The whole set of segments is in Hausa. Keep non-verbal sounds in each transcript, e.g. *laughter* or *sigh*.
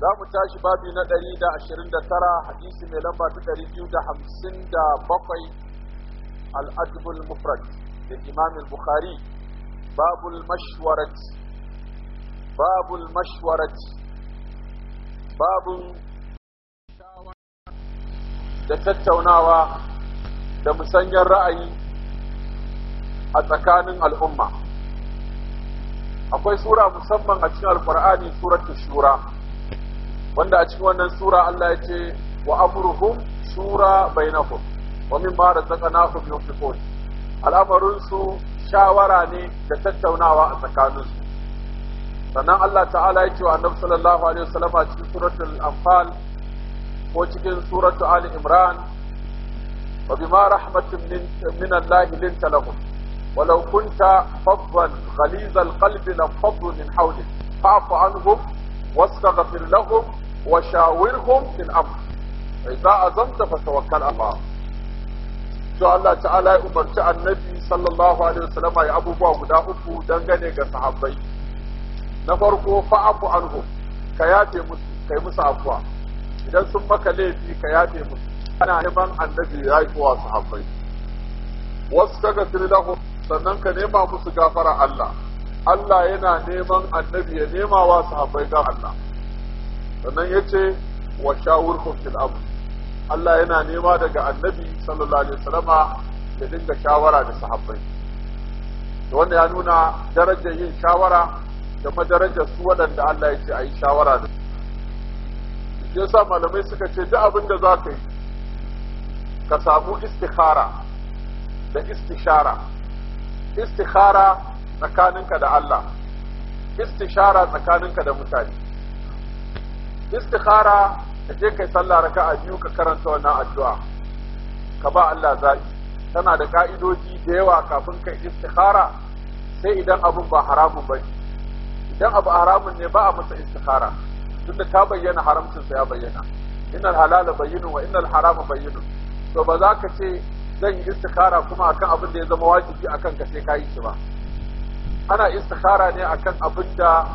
za mu tashi babi na 129 hadisi mai lamba ta 257 الأدب المفرد للإمام البخاري باب المشورة باب المشورة باب da tattaunawa da musanyar ra'ayi a tsakanin al'umma akwai sura musamman a cikin alkur'ani suratul shura wanda a cikin wannan sura Allah ya ce wa amruhum shura bainakum wa mimma razaqnakum yunfiqun al'amarin su shawara ne da tattaunawa a tsakanin su sannan Allah ta'ala ya ce wa annabi sallallahu alaihi wasallam a cikin suratul anfal ko cikin suratul ali imran wa bima rahmatin min Allah linta lahum ولو كنت فظا غليظ القلب لانفضوا من حولك فاعف عنهم واستغفر لهم وشاورهم في الأمر إذا أزمت فتوكل على الله to Allah ta'ala ya umarci annabi sallallahu alaihi wasallam ya abubuwa guda uku dangane ga sahabbai na farko fa'afu anhu ka yafe musu kai musu afwa idan sun maka laifi ka yafe musu ana neman annabi ya yi kowa sahabbai wasu kaga lahum sannan ka nema musu gafara Allah Allah yana neman annabi ya nema wa sahabbai ga Allah sannan ya ce wa shawurkum fil amr Allah yana nema daga annabi sallallahu alaihi wasallama ya dinga shawara da sahabbai to wanda ya nuna darajar yin shawara da madarajar su waɗanda Allah ya ce a yi shawara da su sa malamai suka ce duk abin da za ka yi ka samu istikhara da istishara istikhara tsakaninka da Allah istishara tsakaninka da mutane istikhara ka je kai sallah raka'a biyu ka karanta wannan addu'a ka ba Allah zaɓi tana da ka'idoji da yawa kafin kai istikhara sai idan abun ba haramun ba idan abu haramun ne ba a masa istikhara da ta bayyana haramcin sa ya bayyana innal halala bayyinun wa innal harama bayyinun to ba za ka ce zan yi istikhara kuma akan abin da ya zama wajibi akan ka sai ka yi shi ba ana istikhara ne akan abin da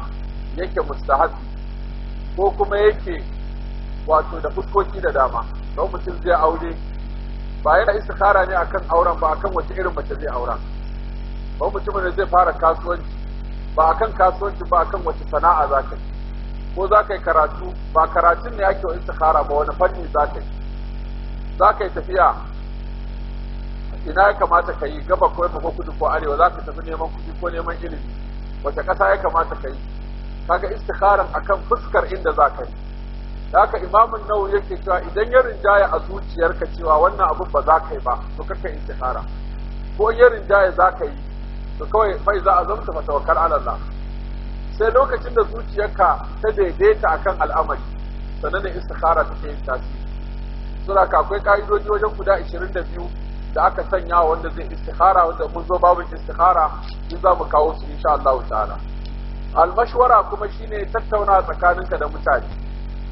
yake mustahabi ko kuma yake wato da fuskoki da dama don mutum zai aure ba yana istikhara ne akan auren ba akan wace irin mace zai aura ba mutumin da zai fara kasuwanci ba akan kasuwanci ba akan wace sana'a za ka yi ko za ka yi karatu ba karatun ne ake wa istikhara ba wani fanni za ka yi za ka yi tafiya ina ya kamata ka yi gaba ko yamma ko kudu ko arewa za ka tafi neman kudi ko neman ilimi wace ƙasa ya kamata ka yi kaga istikharan akan fuskar inda za ka yi da haka imamun nau yake cewa idan ya rinjaya a zuciyarka cewa wannan abun ba za ka yi ba to ka istikhara ko in ya rinjaya za ka yi to kawai fai za a zamta mata wakar Allah sai lokacin da zuciyarka ta daidaita akan al'amari sannan da istikhara take yin tasiri sura ka akwai ka'idoji wajen guda biyu. da aka sanya wanda zai istikhara wanda mun zo babu istikhara in za mu kawo su insha Allah ta'ala almashwara kuma shine tattauna tsakaninka da mutane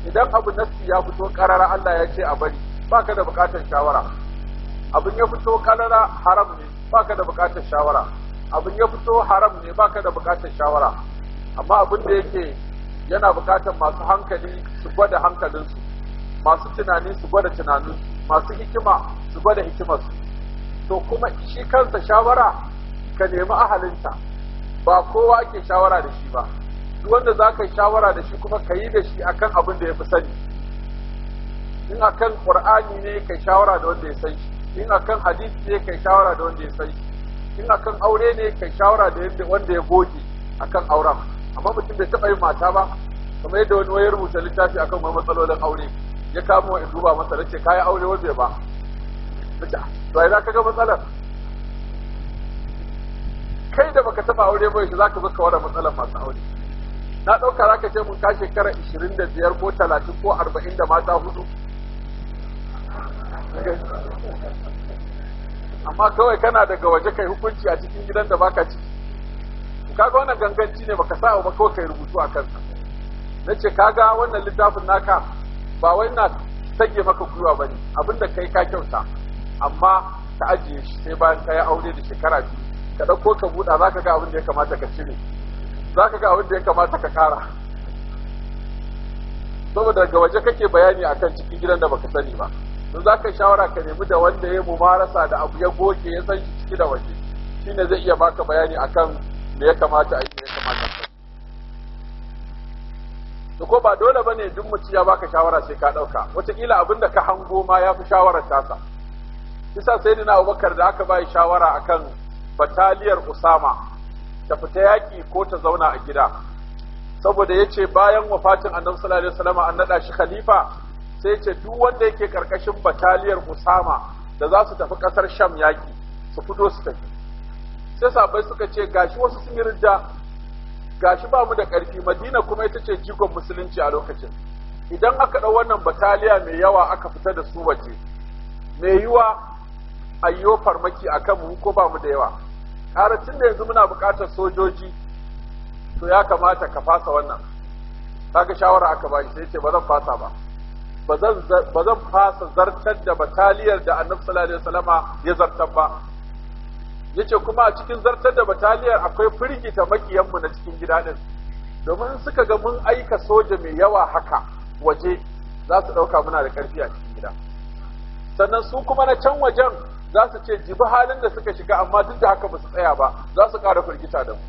idan abu nasi ya fito karara Allah ya ce a bari baka da bukatar shawara abin ya fito karara haram ne baka da bukatar shawara abin ya fito haram ne baka da bukatar shawara amma abin da yake yana bukatar masu hankali su gwada hankalinsu masu tunani su gwada tunaninsu masu hikima su gwada hikimarsu to kuma shi kansa shawara ka nemi ahalinta ba kowa ake shawara da shi ba wanda za ka yi shawara da shi kuma ka yi da shi akan abin da ya fi sani in akan ƙur'ani ne ka shawara da wanda ya san shi in akan hadisi ne ka shawara da wanda ya san shi in akan aure ne ka shawara da wanda ya goge akan auren amma mutum bai taɓa yin mata ba kamar yadda wani wayar rubuta littafi akan wani matsalolin aure ya kama wa in duba masa ka yi aure wanda ba bid'a to ai ka ga matsalar kai da baka taba aure ba za ka zo ka wara matsalar masu aure na ɗauka za ce mun ka shekara ishirin da biyar ko talatin ko arba'in da mata hudu amma kawai kana daga waje kai hukunci a cikin gidan da baka ci kaga wannan ganganci ne baka sa ba kawai kai rubutu a kansa na ce kaga wannan littafin naka ba wai na sage maka gwiwa bane abinda kai ka kyauta amma ta ajiye shi sai bayan ka yi aure da shekara biyu ka ɗauko ka buɗa za ka ga abin da ya kamata ka cire za ka ga abin da ya kamata ka ƙara saboda daga waje kake bayani akan cikin gidan da baka sani ba in za ka shawara ka nemi da wanda ya mumarasa da abu ya goge ya san shi ciki da waje shine zai iya baka bayani akan me ya kamata a yi ya kamata a to ko ba dole bane duk mutum ya baka shawara sai ka ɗauka wataƙila abin da ka hango ma ya fi shawarar tasa isa sayyidina Abubakar da aka bai shawara akan bataliyar Usama ta fita yaki ko ta zauna a gida saboda yace bayan wafatin Annabi sallallahu alaihi wasallam an naɗa shi khalifa sai ce duk wanda yake karkashin bataliyar Usama da za su tafi ƙasar Sham yaki su fito su tafi sai sabai suka ce gashi wasu sun yi ridda gashi ba mu da karfi Madina kuma ita ce jikon musulunci a lokacin idan aka ɗau wannan bataliya mai yawa aka fita da su waje mai yiwa ayyo farmaki a kanmu ko ba mu da yawa karacin da yanzu muna buƙatar sojoji to ya kamata ka fasa wannan kaga shawara aka bani sai ce ba zan fasa ba ba zan fasa zartar da bataliyar da annabi sallallahu alaihi wasallama ya zartar ba yace kuma a cikin zartar da bataliyar akwai firgita makiyanmu na cikin gida din domin suka ga mun aika soja mai yawa haka waje za su ɗauka muna da ƙarfi a cikin gida sannan su kuma na can wajen za su ce jibi halin da suka shiga amma duk da haka ba su tsaya ba za su ƙara firgita da mu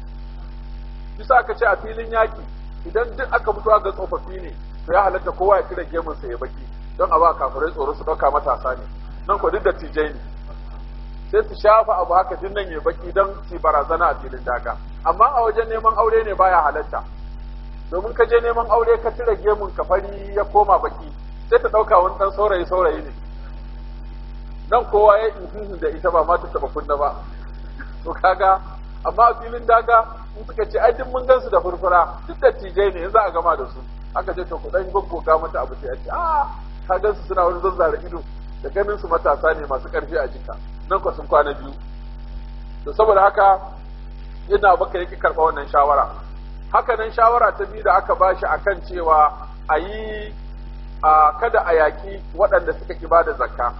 bisa aka ce a filin yaƙi idan duk aka mutu ga tsofaffi ne to ya halatta kowa ya kira gemun sa ya baki don a ba kafirai tsoro su ɗauka matasa ne nan ko duk da tijai ne sai su shafa abu haka duk nan ya baki don su barazana a filin daga amma a wajen neman aure ne baya halatta domin ka je neman aure ka cire gemun ka fari ya koma baki sai ta ɗauka wani ɗan saurayi saurayi ne nan kowa ya yi da ita ba ma ta taba kunna ba to kaga amma filin daga in suka ce ai mun mun gansu da furfura duk da tijai ne za a gama da su aka ce to ku dan ga mata abu sai a ce a ah, ka gansu suna wani zazzara ido da ganin su matasa ne masu karfi a jika nan ko sun kwana biyu to saboda haka ina baka yake karba wannan shawara haka nan shawara ta biyu da aka ba shi akan cewa a yi a kada a yaƙi waɗanda suka ki bada zakka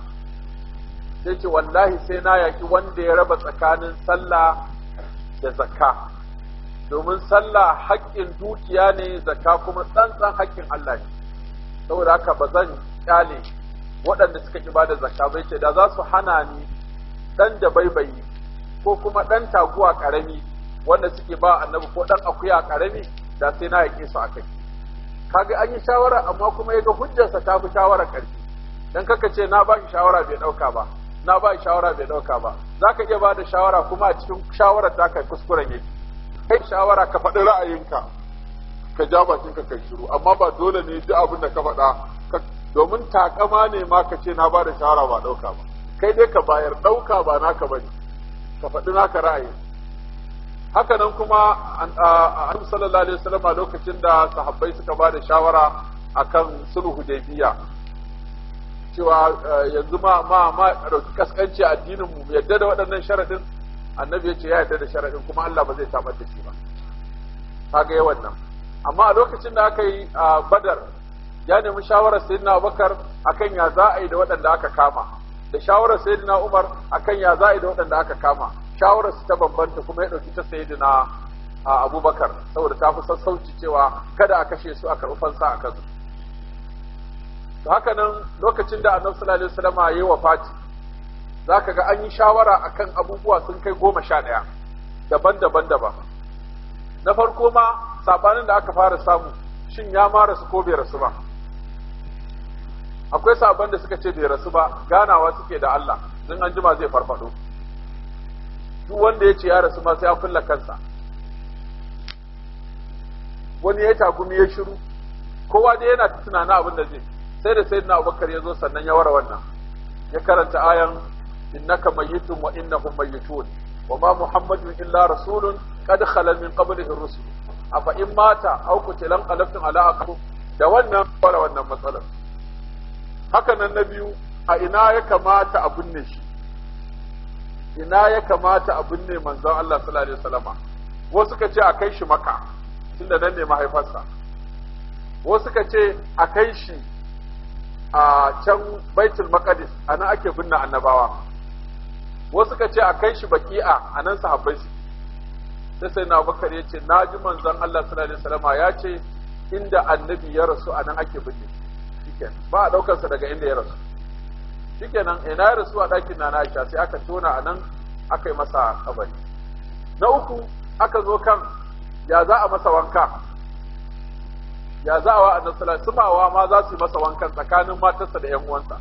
sai ce wallahi sai na yaki wanda ya raba tsakanin sallah da zakka domin sallah haƙƙin dukiya ne zakka kuma tsantsan haƙƙin Allah ne saboda haka ba zan kyale waɗanda suka ki bada zakka ba ce da za su hana ni dan da baibayi ko kuma ɗan taguwa ƙarami wanda suke ba annabi ko ɗan akuya karami da sai na yaƙe su a kai kaga an yi shawara amma kuma ya ga hujjarsa ta fi shawara ƙarfi dan kaka ce na ba shi shawara bai ɗauka ba na ba shawara bai dauka ba za ka iya ba da shawara kuma a cikin shawara ta kai kuskuren yake kai shawara ka faɗi ra'ayinka ka ja bakinka kai shiru amma ba dole ne duk abin da ka faɗa domin takama ne ma ka ce na ba da shawara ba dauka ba kai dai ka bayar dauka ba naka bane ka faɗi naka ra'ayi haka nan kuma an sallallahu alaihi wasallam lokacin da sahabbai suka ba da shawara akan sulhu biya. cewa eh, yanzu ma ma ma ɗauki kaskanci addinin mu yadda da waɗannan sharaɗin annabi ya ce ya yadda da sharaɗin kuma Allah ba zai samar da shi ba kaga yawan nan amma a lokacin da aka yi a badar ya nemi shawarar sayyidina abubakar akan ya za a yi da waɗanda aka kama da shawarar sayyidina umar akan ya za a yi da waɗanda aka kama shawarar su ta bambanta kuma ya ɗauki ta sayyidina abubakar saboda ta fi sassauci cewa kada a kashe su a karɓi fansa a kansu to haka nan lokacin da annabi sallallahu alaihi wasallam yayi wafati zaka ga an yi shawara akan abubuwa sun kai goma sha ɗaya daban-daban daban na farko ma sabanin da aka fara samu shin ya mara su ko bai rasu ba akwai sabon da suka ce bai rasu ba ganawa suke da Allah don an jima zai farfado duk wanda ya ce ya rasu ma sai ya kulla kansa wani ya takumi ya shiru kowa dai yana tunanin abin da zai sai da na Abubakar ya zo sannan ya ware wannan ya karanta ayan innaka mayyitun wa innahum mayyitun wa ma muhammadun illa rasulun qad khala min qablihi rusul afa in mata aw kutilan qalaftum ala aqab da wannan ware wannan matsalar haka nan na biyu a ina ya kamata a binne shi ina ya kamata a binne manzon Allah sallallahu alaihi wasallama wasu ka ce a kai shi maka tunda nan ne mahaifarsa wasu ka ce a kai shi a can baitul maqdis anan ake binne annabawa wasu ka ce a kai shi baki'a anan sahabbai su sai sai na bakar ya ce na ji manzon Allah sallallahu alaihi wasallam ya ce inda annabi ya rasu anan ake binne shikenan ba a daukar sa daga inda ya rasu shikenan ina ya rasu a dakin nana Aisha sai aka tona anan aka yi masa kabari na uku aka zo kan ya za a masa wanka ya za a wa annabi sallallahu sumawa ma za su masa wankan tsakanin matansa da ƴan uwansa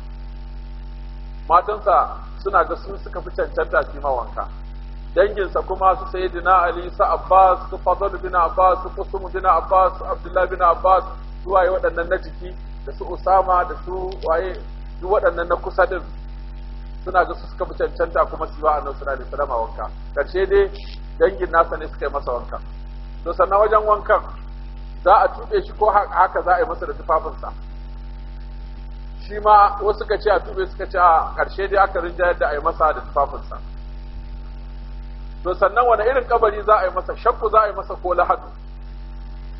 matansa suna ga sun suka fi cancanta su ma wanka danginsa kuma su sayyidina ali su abbas su fadl bin abbas su qusum bin abbas su abdullah bin abbas su waye waɗannan na jiki da su usama da su waye duk waɗannan na kusa din suna ga su suka fi cancanta kuma su yi wa annabi sallallahu alaihi wasallam wanka karshe dai dangin nasa ne suka yi masa wanka to sannan wajen wankan za a tuɓe shi ko haka za a yi masa da tufafinsa shi ma wasu ka ce a tuɓe suka ce a ƙarshe dai aka rinjayar da a yi masa da tufafinsa to sannan wani irin kabari za a yi masa shakku za a yi masa ko lahadu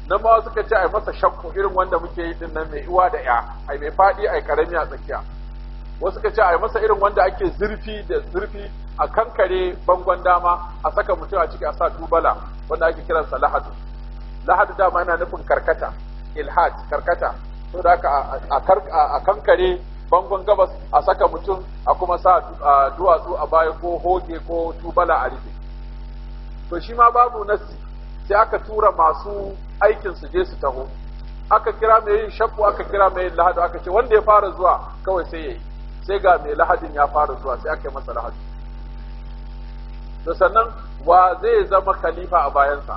nan ma ka ce a yi masa shakku irin wanda muke yi din nan mai uwa da ya a mai faɗi yi karami a tsakiya wasu ka ce a yi masa irin wanda ake zurfi da zurfi a kankare bangon dama a saka mutum a ciki a sa tubala wanda ake kiransa lahadu lahadu dama yana nufin karkata ilhad karkata to da aka a kankare bangon gabas a saka mutum a kuma sa duwatsu a baya ko hoge ko tubala a rufe to shi ma babu nassi sai aka tura masu aikin su je su taho aka kira mai yin shakku aka kira mai yin lahadu aka ce wanda ya fara zuwa kawai sai yayi sai ga mai lahadin ya fara zuwa sai aka yi masa lahadu Da sannan wa zai zama khalifa a bayansa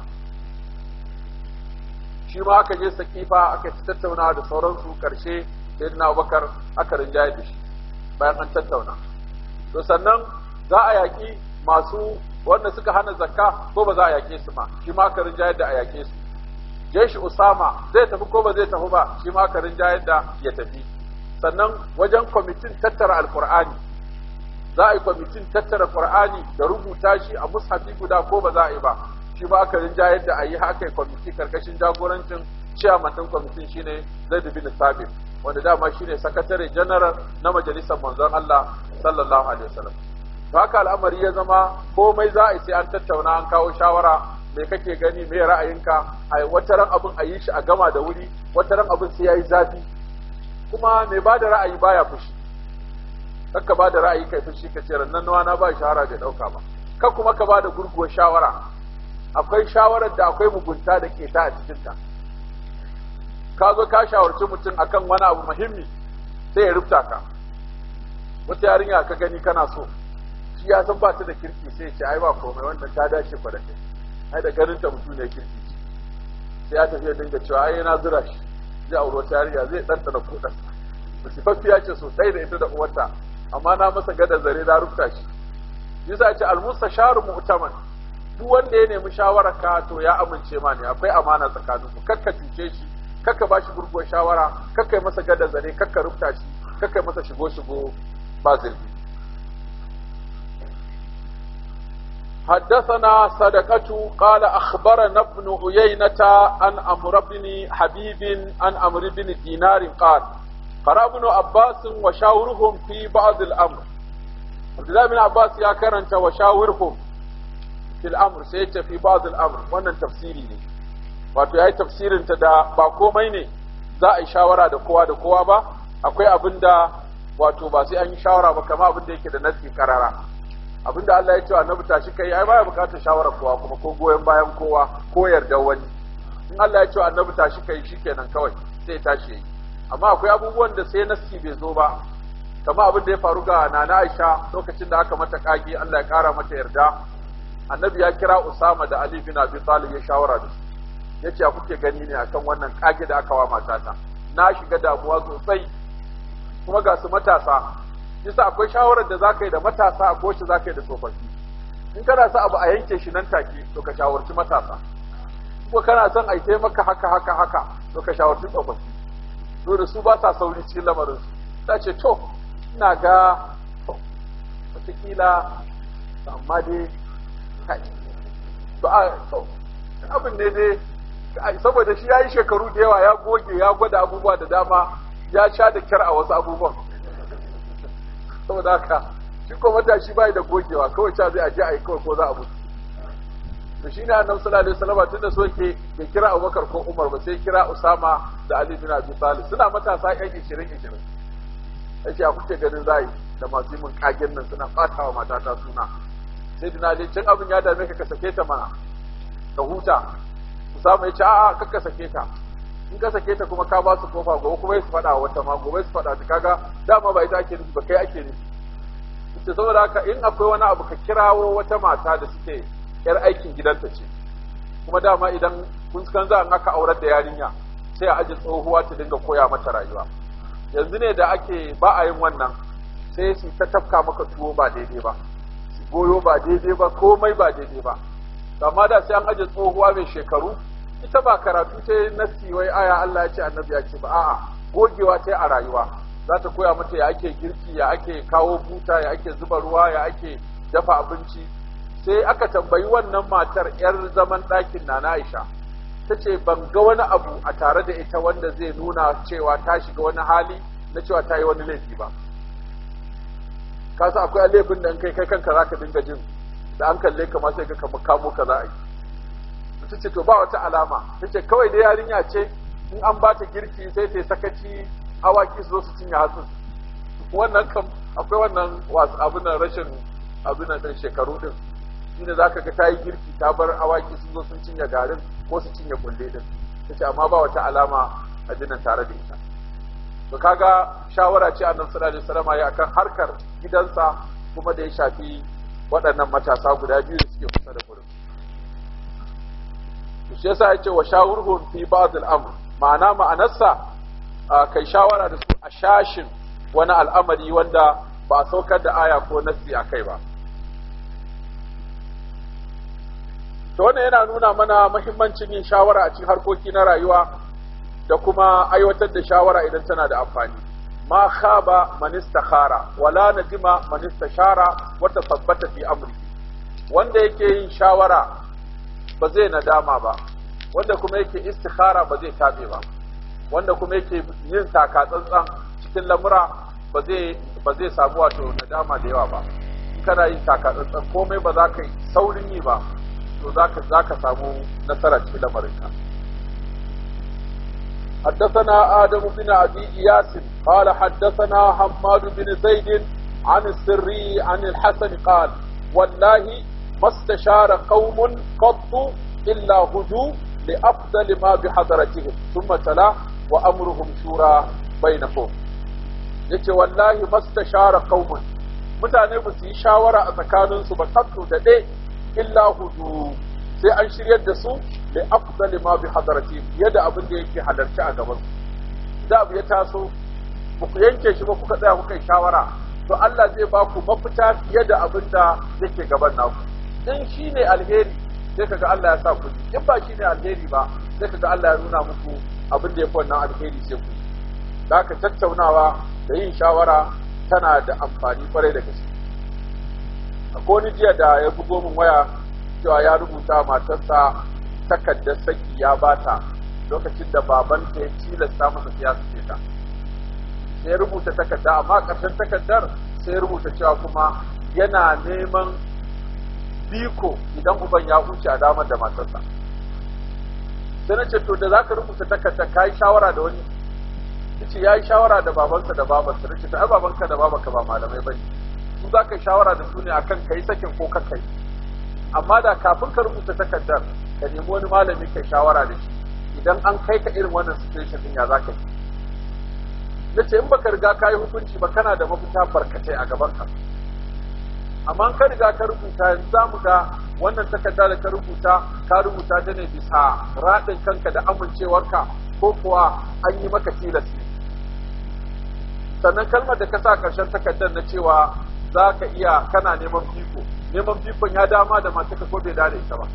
shi ma aka je sakifa aka ci tattauna da sauransu karshe sai na bakar aka rinja da shi bayan an tattauna to sannan za a yaƙi masu wanda suka hana zakka ko ba za a yaƙe su ma shi ma aka rinja da a yaƙe su jeshi usama zai tafi ko ba zai tafi ba shi ma aka rinja da ya tafi sannan wajen kwamitin tattara alkur'ani za a yi kwamitin tattara qur'ani da rubuta shi a mushafi guda ko ba za a yi ba shi ba aka rinja da a yi haka yi kwamiti karkashin jagorancin chairman ɗin kwamitin shine zaid na sabit wanda dama shine sakatare general na majalisar manzon Allah sallallahu alaihi wasallam to haka al'amari ya zama komai za a yi sai an tattauna an kawo shawara me kake gani me ra'ayinka a ran abin a yi shi a gama da wuri Wata ran abin sai yayi zafi kuma mai ba da ra'ayi baya fushi kakka ba da ra'ayi kai fushi ka ce rannan nawa na ba shawara bai dauka ba Kan kuma ka ba da gurguwar shawara akwai shawarar da akwai mugunta da keta a cikinta ka zo ka shawarci mutum akan wani abu muhimmi sai ya rubuta ka wata yarinya ka gani kana so shi ya san ba ta da kirki sai ce ai ba komai wannan ta dace fa da kai ai da ganin ta mutum ne kirki sai ya tafi ya dinga cewa ai na zura shi zai auro ta yarinya zai ɗanɗana kuɗin musifaffiya ce sosai da ita da uwarta amma na masa gada zare na rubuta shi yasa ce almusta sharu mu'taman duk wanda ya nemi shawarar ka to ya amince ma ne akwai amana tsakanin ku kakka cuce shi kakka ba shi gurguwar shawara kakka masa gada zane, kakka rufta shi kakka masa shigo shigo ba zirgi حدثنا صدقة قال أخبرنا ابن عيينة عن أمر بن حبيب عن أمر بن دينار قال قرأ ابن عباس وشاورهم في بعض الأمر عبد الله بن عباس يا كرنت وشاورهم fil amr sai ya tafi fi amr wannan tafsiri ne wato yayi tafsirin ta da ba komai ne za a yi shawara da kowa da kowa ba akwai abin da wato ba sai an yi shawara ba kama abin da yake da nasi karara abin da Allah ya ce annabi tashi kai ai baya bukatar shawara kowa kuma ko goyen bayan kowa ko yarda wani in Allah ya ce annabi tashi kai kenan kawai sai tashi yi amma akwai abubuwan da sai nasi bai zo ba kama abin da ya faru ga nana Aisha lokacin da aka mata kage Allah ya kara mata yarda annabi ya kira usama da ali bin abi talib ya shawara da su yace a kuke gani ne akan wannan kage da aka wa matata na shiga damuwa sosai kuma ga su matasa yasa akwai shawarar da zaka yi da matasa a koshi zaka yi da tsofaffi in kana sa abu a yanke shi nan take to ka shawarci matasa ko kana son a taimaka haka haka haka to ka shawarci tsofaffi to da su ba sa sauri cikin lamarin su ta ce to ina ga kila amma dai kai to a to abin ne dai saboda shi ya yi shekaru da yawa ya goge ya gwada abubuwa da dama ya sha da kyar a wasu abubuwan saboda haka shi ko matashi bai da gogewa kawai cha zai aje yi kawai ko za a mutu to shine annabi sallallahu alaihi wasallam tunda so yake bai kira Abubakar ko Umar ba sai kira Usama da Ali bin Abi Talib suna matasa ƴan 20 20 yace a kuke ganin zai da masu mun kagen nan suna fatawa matata suna sai na dai can abin ya dame ka ka sake ta mana ka huta samu ya ce a'a kar ka sake ta in ka sake ta kuma ka ba su kofa gobe kuma su faɗa wata ma gobe su faɗa ta kaga dama ba ita ake nufi ba kai ake nufi ita saboda haka in akwai wani abu ka kirawo wata mata da suke yar aikin gidanta ce kuma dama idan kun kan za aka aurar da yarinya sai a aji tsohuwa ta dinga koya mata rayuwa yanzu ne da ake ba a yin wannan sai su ta tafka maka tuwo ba daidai ba goyo ba daidai ba komai ba daidai ba amma da sai an aje tsohuwa mai shekaru ita ba karatu ta nassi wai aya Allah ya ce annabi ya ce ba a'a gogewa ta a rayuwa za ta koya mata ya ake girki ya ake kawo buta ya ake zuba ruwa ya ake dafa abinci sai aka tambayi wannan matar yar zaman ɗakin na Aisha ta ce ban ga wani abu a tare da ita wanda zai nuna cewa ta shiga wani hali na cewa ta yi wani laifi ba ka san akwai laifin da kai kai kanka zaka dinga jin da an kalle ka ma sai ka kama kamo ka za a yi ta ce to ba wata alama ta ce kawai da yarinya ce in an bata ta girki sai ta sakaci awaki su zo su cinye hatsin wannan kam akwai wannan wasu abin rashin abin nan shekaru din shine zaka ga tayi girki ta bar awaki su zo sun cinye garin ko su cinye kulle din ta ce amma ba wata alama a jinan tare da ita to kaga shawara ce annabi sallallahu alaihi wasallam ya akan harkar gidansa kuma da ya shafi waɗannan matasa guda biyu da suke kusa da gurin to shi yasa yace wa shawurhum fi ba'd al-amr ma'ana ma'anarsa kai shawara da su a shashin wani al'amari wanda ba a saukar da aya ko nassi a kai ba to wannan yana nuna mana muhimmancin yin shawara a cikin harkoki na rayuwa da kuma aiwatar da shawara idan tana da amfani ma khaba man istakhara wala nadima man istashara wa tasabbata fi amri wanda yake yin shawara ba zai nadama ba wanda kuma yake istikhara ba zai tabe ba wanda kuma yake yin taka tsantsan cikin lamura ba zai ba zai samu wato nadama da yawa ba kana yin taka tsantsan komai ba za ka yi saurin yi ba to za ka samu nasara cikin lamarin ka. حدثنا آدم بن أبي إياس قال حدثنا حماد بن زيد عن السري عن الحسن قال والله ما استشار قوم قط إلا هدوا لأفضل ما بحضرتهم ثم تلا وأمرهم شورى بينهم yace wallahi mastashara qauman mutane ba su yi shawara a tsakaninsu ba kaddu da dai illa hudu sai an shiryar da su da afdali ma bi hadarati fiye da abin da yake halarci a gaban su da abu ya taso ku yanke shi ba kuka tsaya ku kai shawara to Allah zai ba ku mafita fiye da abin da yake gaban naku in shine alheri sai kaga Allah ya sa ku in ba shine alheri ba sai kaga Allah ya nuna muku abin da ya fi wannan alheri sai ku da ka tattaunawa da yin shawara tana da amfani kwarai da gaske akwai wani jiya da ya bugo min waya cewa ya rubuta matarsa takardar saki ya bata lokacin da babanta ya tilasta masa ya ce ta sai rubuta takarda amma ƙarshen takardar sai rubuta cewa kuma yana neman biko idan uban ya huce a damar da matarsa sai na ce to da za ka rubuta takarda ka yi shawara da wani ce ya yi shawara da babansa da babansa na ce ta babanka da babanka ba malamai ba ne su za ka yi shawara da su ne a kan ka yi sakin ko ka kai amma da kafin ka rubuta takardar ka nemi wani malami kai shawara da shi idan an kai ka irin wannan situation din ya zaka yi nace in baka riga ka yi hukunci ba kana da mafita barkatai a gaban ka amma ka riga ka rubuta yanzu za mu ga wannan takarda da ka rubuta ka rubuta ta ne bisa raɗin kanka da amincewar ka ko kuwa an yi maka tilas sannan kalmar da ka sa ƙarshen takardar na cewa za ka iya kana neman fiko neman bikon ya dama da mace ka ko bai dare ita ba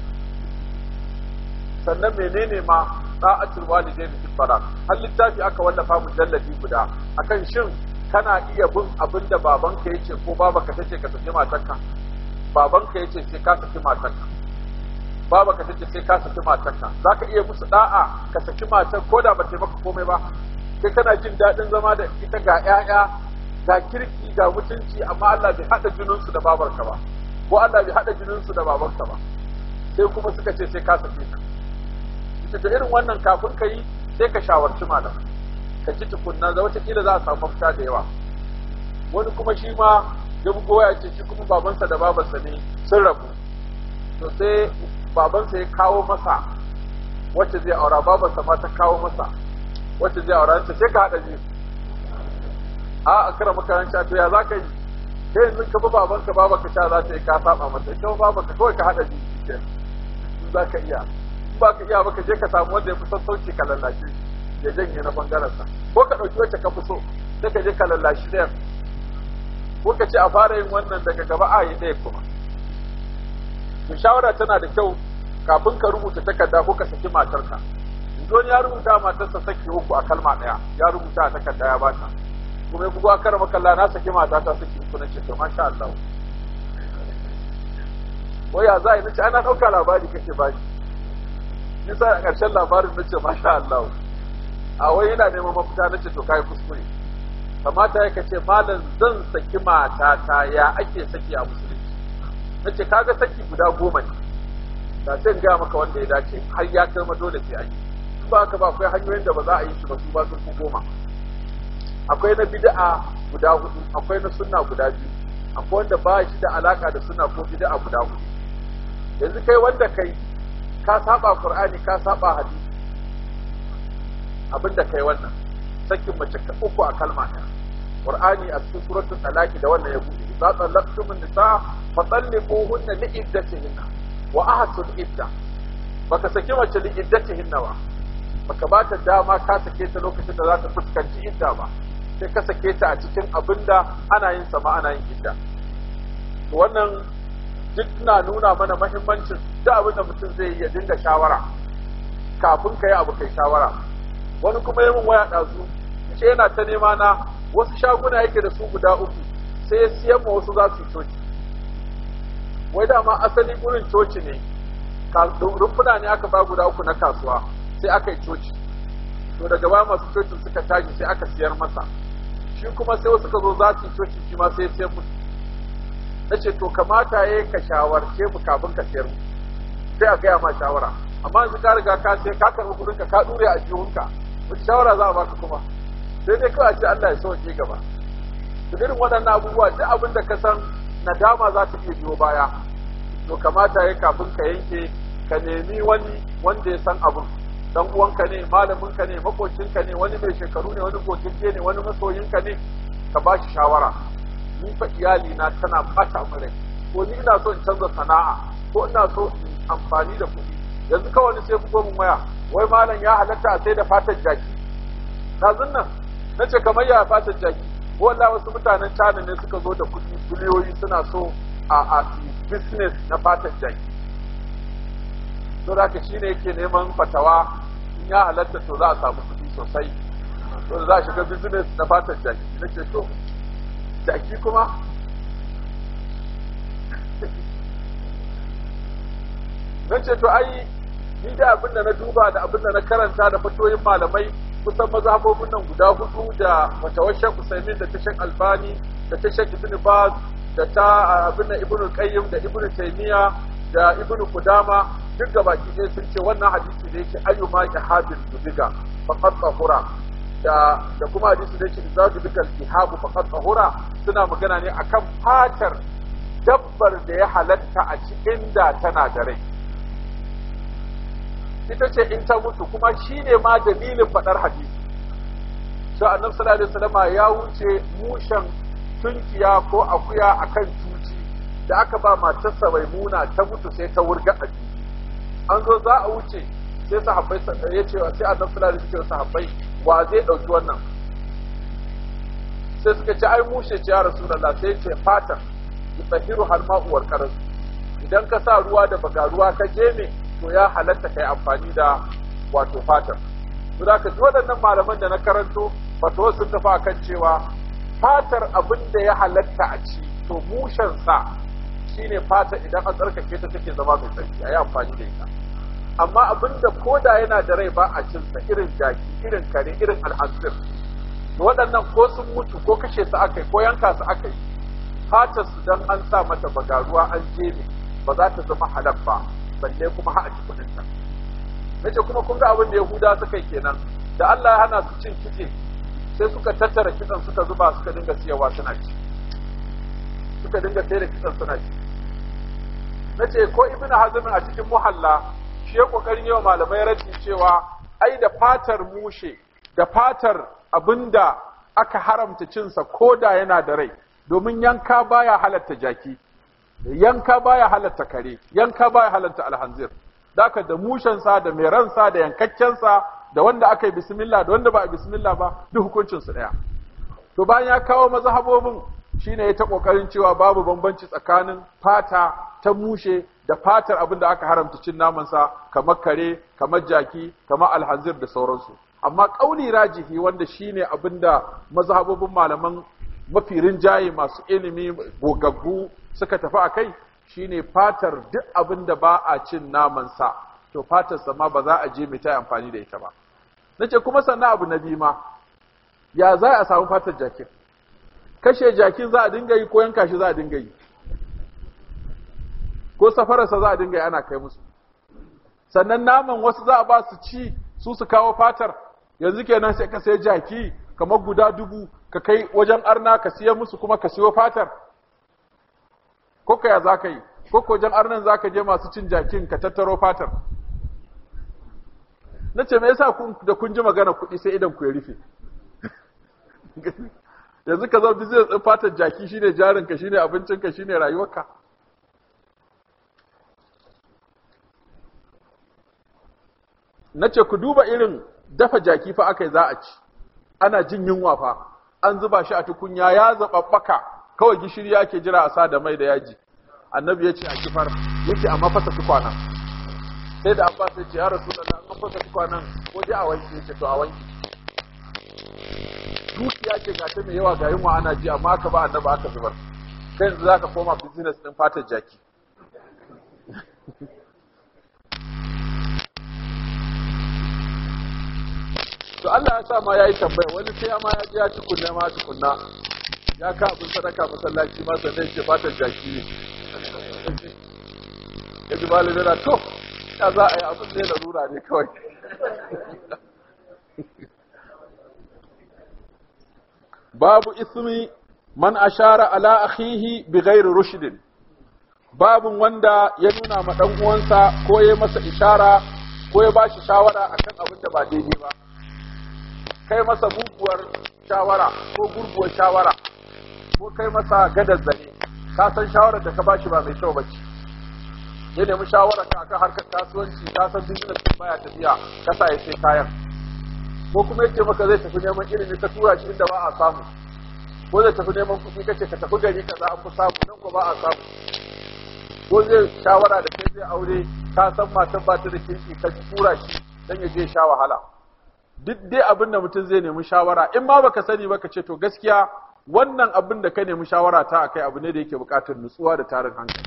sannan menene ma da'atul walidaini fi fara har littafi aka wallafa mu mujalladi guda akan shin kana iya bin abin da babanka yace ko babanka tace ka saki matarka babanka yace sai ka saki matarka babanka tace sai ka saki matarka zaka iya musu da'a ka saki matar da ba ta maka komai ba sai kana jin dadin zama da ita ga 'ya'ya ga kirki ga mutunci amma Allah bai hada junansu da babarka ba ko Allah bai haɗa jininsu da babansa ba sai kuma suka ce sai ka sake ka ita da irin wannan kafin ka yi sai ka shawarci malam ka ci tukunna za watakila za a samu mafita da yawa wani kuma shi ma ya bugo goya ce shi kuma babansa da babansa ne sun rabu to sai babansa ya kawo masa wacce zai aura babansa ma ta kawo masa wacce zai aura ta sai ka haɗa ji a a makaranta to ya za ka yi kai yanzu ka bi babanka baba ka sha za ta yi ka saba mata ita baba ka kawai ka hada jiki ke za ka iya in ba ka iya ba ka je ka samu wanda ya fi sassauci ka lallace ya janye na bangaren sa ko ka dauki wacce ka fi so sai ka je ka lallashi ɗayan ko ka ce a fara yin wannan daga gaba a yi ɗaya kuma to shawara tana da kyau kafin ka rubuta takarda ko ka saki matarka yanzu wani ya rubuta matarsa saki uku a kalma ɗaya ya rubuta a takarda ya bata kuma ya bugu a kara makalla na saki mata ta saki uku na cikin masha Allah waya za a yi nace ana ɗauka labari kake shi nisa a ƙarshen labarin nace masha Allah a wai yana neman mafita nace to kai kuskure kamata ya kace malam zan saki mata ta ya ake saki a musulunci nace kaga saki guda goma ne da zan ga maka wanda ya dace har ya kai ma dole sai an yi ba haka ba akwai hanyoyin da ba za a yi shi ba su ba sun fi goma akwai na bid'a guda hudu akwai na sunna guda biyu akwai wanda ba shi da alaka da sunna ko bid'a guda hudu yanzu kai wanda kai ka saba qur'ani ka saba hadisi abinda kai wannan sakin mace ka uku a kalma ta qur'ani a cikin suratul talaqi da wannan ya bude idza min nisa fatalliquhunna li iddatihinna wa ahsul idda baka saki mace li iddatihinna ba baka ba ta dama ka sake ta lokacin da za ta fuskanci idda ba sai ka sake ta a cikin abin da ana yin sama ana yin isha wannan duk na nuna mana mahimmancin duk abin da mutum zai iya dinga shawara kafin ka yi abu kai shawara wani kuma yamin waya ɗazu ce yana ta nema na wasu shaguna yake da su guda uku sai ya siyan ma wasu za su coci wai dama asali gurin coci ne rumfuna ne aka ba guda uku na kasuwa sai aka yi coci to daga baya masu cocin suka tashi sai aka siyar masa shi kuma sai wasu ka zo za su yi coci shi ma sai sai musu na ce to kamata ya ka shawarce mu kafin ka sayar mu sai a gaya ma shawara amma yanzu ka riga ka sai ka karɓi kuɗinka ka ɗure a jihunka shawara za a baka kuma sai dai kawai a ce Allah ya sauke gaba to irin waɗannan abubuwa duk abin da ka san nadama za ta iya biyo baya to kamata ya kafin ka yanke ka nemi wani wanda ya san abin dan uwanka ne malaminka ne makocinka ne wani mai shekaru ne wani gotije ne wani masoyinka ne ka ba shi shawara ni fa iyali na tana bata mure ko ni ina so in canza sana'a ko ina so in amfani da kuɗi yanzu kawai sai bugo min waya wai malam ya halatta a sai da fatar jaki kazin nan nace kamar ya fatar jaki wallahi wasu mutanen China ne suka zo da kuɗi biliyoyi suna so a a business na fatar jaki so da shi ne yake neman fatawa in ya halatta to za a samu kuɗi sosai to da za a shiga business na fatar jaki na ce to jaki kuma na ce to ai ni da abinda na duba da abinda na karanta da fatoyin malamai kusan mazhabobin nan guda hudu da fatawar Sheikh Usaimin da ta Sheikh Albani da ta Sheikh Ibn Baz da ta abin da Ibn Qayyim da Ibn Taymiya da Ibn Qudama duk da baki ɗaya sun ce wannan hadisi ne yake ayu ma ihabil zubiga faqad tahura da kuma hadisi ne yake za diga ihabu faqad tahura suna magana ne akan fatar dabbar da ya halatta a cikin da tana da rai ita ce in ta mutu kuma shine ma dalilin faɗar hadisi sai annabi sallallahu alaihi wasallam ya wuce mushen tunkiya ko akuya akan tuci da aka ba matarsa muna ta mutu sai ta wurga a an zo za a wuce sai sahabbai ya ce sai san sallallahu alaihi wasallam sahabbai wa zai ɗauki wannan sai suka ce ai mushe ce ya rasulullah sai ce fatan tsahiru har ma'uwar karas idan ka sa ruwa da baka ruwa ka je ne to ya halatta ka yi amfani da wato fata su da ka ji waɗannan malaman da na karanto wato sun tafi akan cewa fatar abin da ya halatta a ci to mushensa shine fata idan an tsarkake ta take zama mai tsarki a yi amfani da ita amma abinda koda yana da rai ba a cinsa irin jaki irin kare irin al'asir waɗannan ko sun mutu ko kashe su aka yi ko yanka su aka yi fatar su dan an sa mata bagaruwa an jebe ba za ta zama halal ba balle kuma ha a ci kudin ta nace kuma kun ga abin da yahuda suka yi kenan da Allah ya hana su cin kitse sai suka tattara kitsan suka zuba suka dinga siyarwa suna ci suka dinga sayar da kitsan suna ci na ce ko ibn hazumin a cikin muhalla shi ya ƙoƙarin yawa malamai raddi cewa ai da fatar mushe da fatar abinda aka haramta cinsa ko da yana da rai domin yanka baya halatta jaki yanka baya halatta kare yanka baya halatta alhanzir daka da mushensa da mai ransa da yankakkensa da wanda aka yi bismillah da wanda ba a bismillah ba duk hukuncinsu ɗaya to bayan ya kawo mazhabobin shine ya ta ƙoƙarin cewa babu bambanci tsakanin fata ta mushe da fatar abin da aka haramta cin namansa kamar kare kamar jaki kamar alhanzir da sauransu amma kauli rajihi wanda shi ne abin da mazhabobin malaman mafi rinjaye masu ilimi gogaggu suka tafi a kai shi ne fatar duk abin da ba a cin namansa to fatar sama ba za a je mai ta amfani da ita ba nace kuma sannan abu na ma ya za a samu fatar jakin kashe jakin za a dinga yi ko yanka shi za a dinga yi ko safararsa za a dinga yi ana kai musu sannan naman wasu za a ba su ci su su kawo fatar yanzu kenan sai ka sai jaki kamar guda dubu ka kai wajen arna ka siya musu kuma ka siyo fatar ko kaya za ka yi ko wajen arnan za ka je masu cin jakin ka tattaro fatar na ce me yasa da kun ji magana kuɗi sai idan ku ya rufe *laughs* yanzu ka zama business fatan jaki shine jarinka shine abincinka shine rayuwarka na ce ku duba irin dafa jaki fa aka yi za a ci ana jin yunwa fa an zuba shi a tukunya ya zaɓaɓɓaka kawai gishiri ke jira a sa da mai da yaji annabi ya ce a kifar yake amma fasa tukwana sai da abbas ya ce ya rasu da an fasa ko waje a wanke ce to a wanke dukiya ce ga mai yawa ga yunwa ana ji amma aka ba annaba aka zubar kai yanzu za ka koma business din fatar jaki to Allah ya sa ma ya yi tambaya wani sai ma ya ji ya tukunna ma tukunna ya ka abin sadaka masallaci ma sannan ce fatar jaki ne ya ji yana to ya za a yi abin sai larura ne kawai babu ismi man ashara ala akhihi bi ghairi rushdin wanda ya nuna ma dan uwansa ko ya masa ishara ko ya bashi shawara akan abin da ba daidai ba kai masa buguwar shawara ko gurguwar shawara ko kai masa gadar zane ka san shawarar da ka bashi ba mai kyau bace ya nemi shawara ka akan harkar kasuwanci ka san business baya tafiya ka sa ya sai kayan ko kuma yace maka zai tafi neman ilimi ka tura shi inda ba a samu ko zai tafi neman kuɗi kace ka tafi gari kaza an fi samu nan ko ba a samu ko zai shawara da kai zai aure ka san matan ba ta da kirki ka tura shi dan ya je sha wahala duk dai abin da mutum zai nemi shawara in ma baka sani ba ka ce to gaskiya wannan abin da ka nemi shawara ta akai abu ne da yake buƙatar nutsuwa da tarin hankali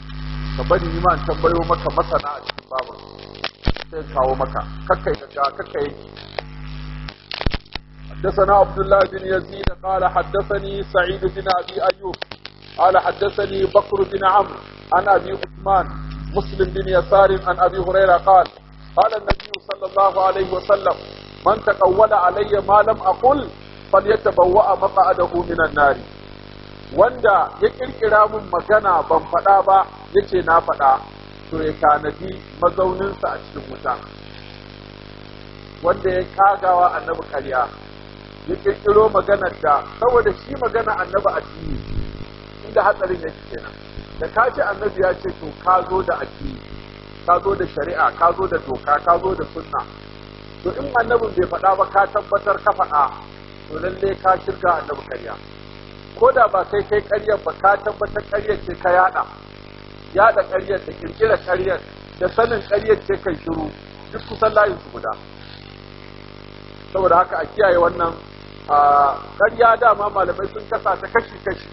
ka bari ni ma in tambayo maka masana a cikin babu sai kawo maka kakkai ka kakkai حدثنا عبد الله بن يزيد قال حدثني سعيد بن أبي أيوب قال حدثني بكر بن عمرو عن أبي عثمان مسلم بن يسار عن أبي هريرة قال قال النبي صلى الله عليه وسلم من تقول علي ما لم أقل فليتبوأ مقعده من النار wanda ya kirkira min magana ban faɗa ba yace na faɗa to ya tanadi mazauninsa a cikin wuta wanda ya kagawa annabi ƙarya ya kirkiro maganar da saboda shi magana annabi ciki inda hatsarin yake kenan da kashi annabi ya ce to ka zo da addini ka zo da shari'a ka zo da doka ka zo da sunna to in annabin bai faɗa ba ka tabbatar ka faɗa to lalle ka shirga annabi karya ko da ba kai kai ƙaryar ba ka tabbatar ƙaryar ce ka yada yada ƙaryar da kirkira ƙaryar da sanin ƙaryar ce kai shiru duk kusan layin su guda saboda haka a kiyaye wannan a ya dama malamai sun kasa ta kashi-kashi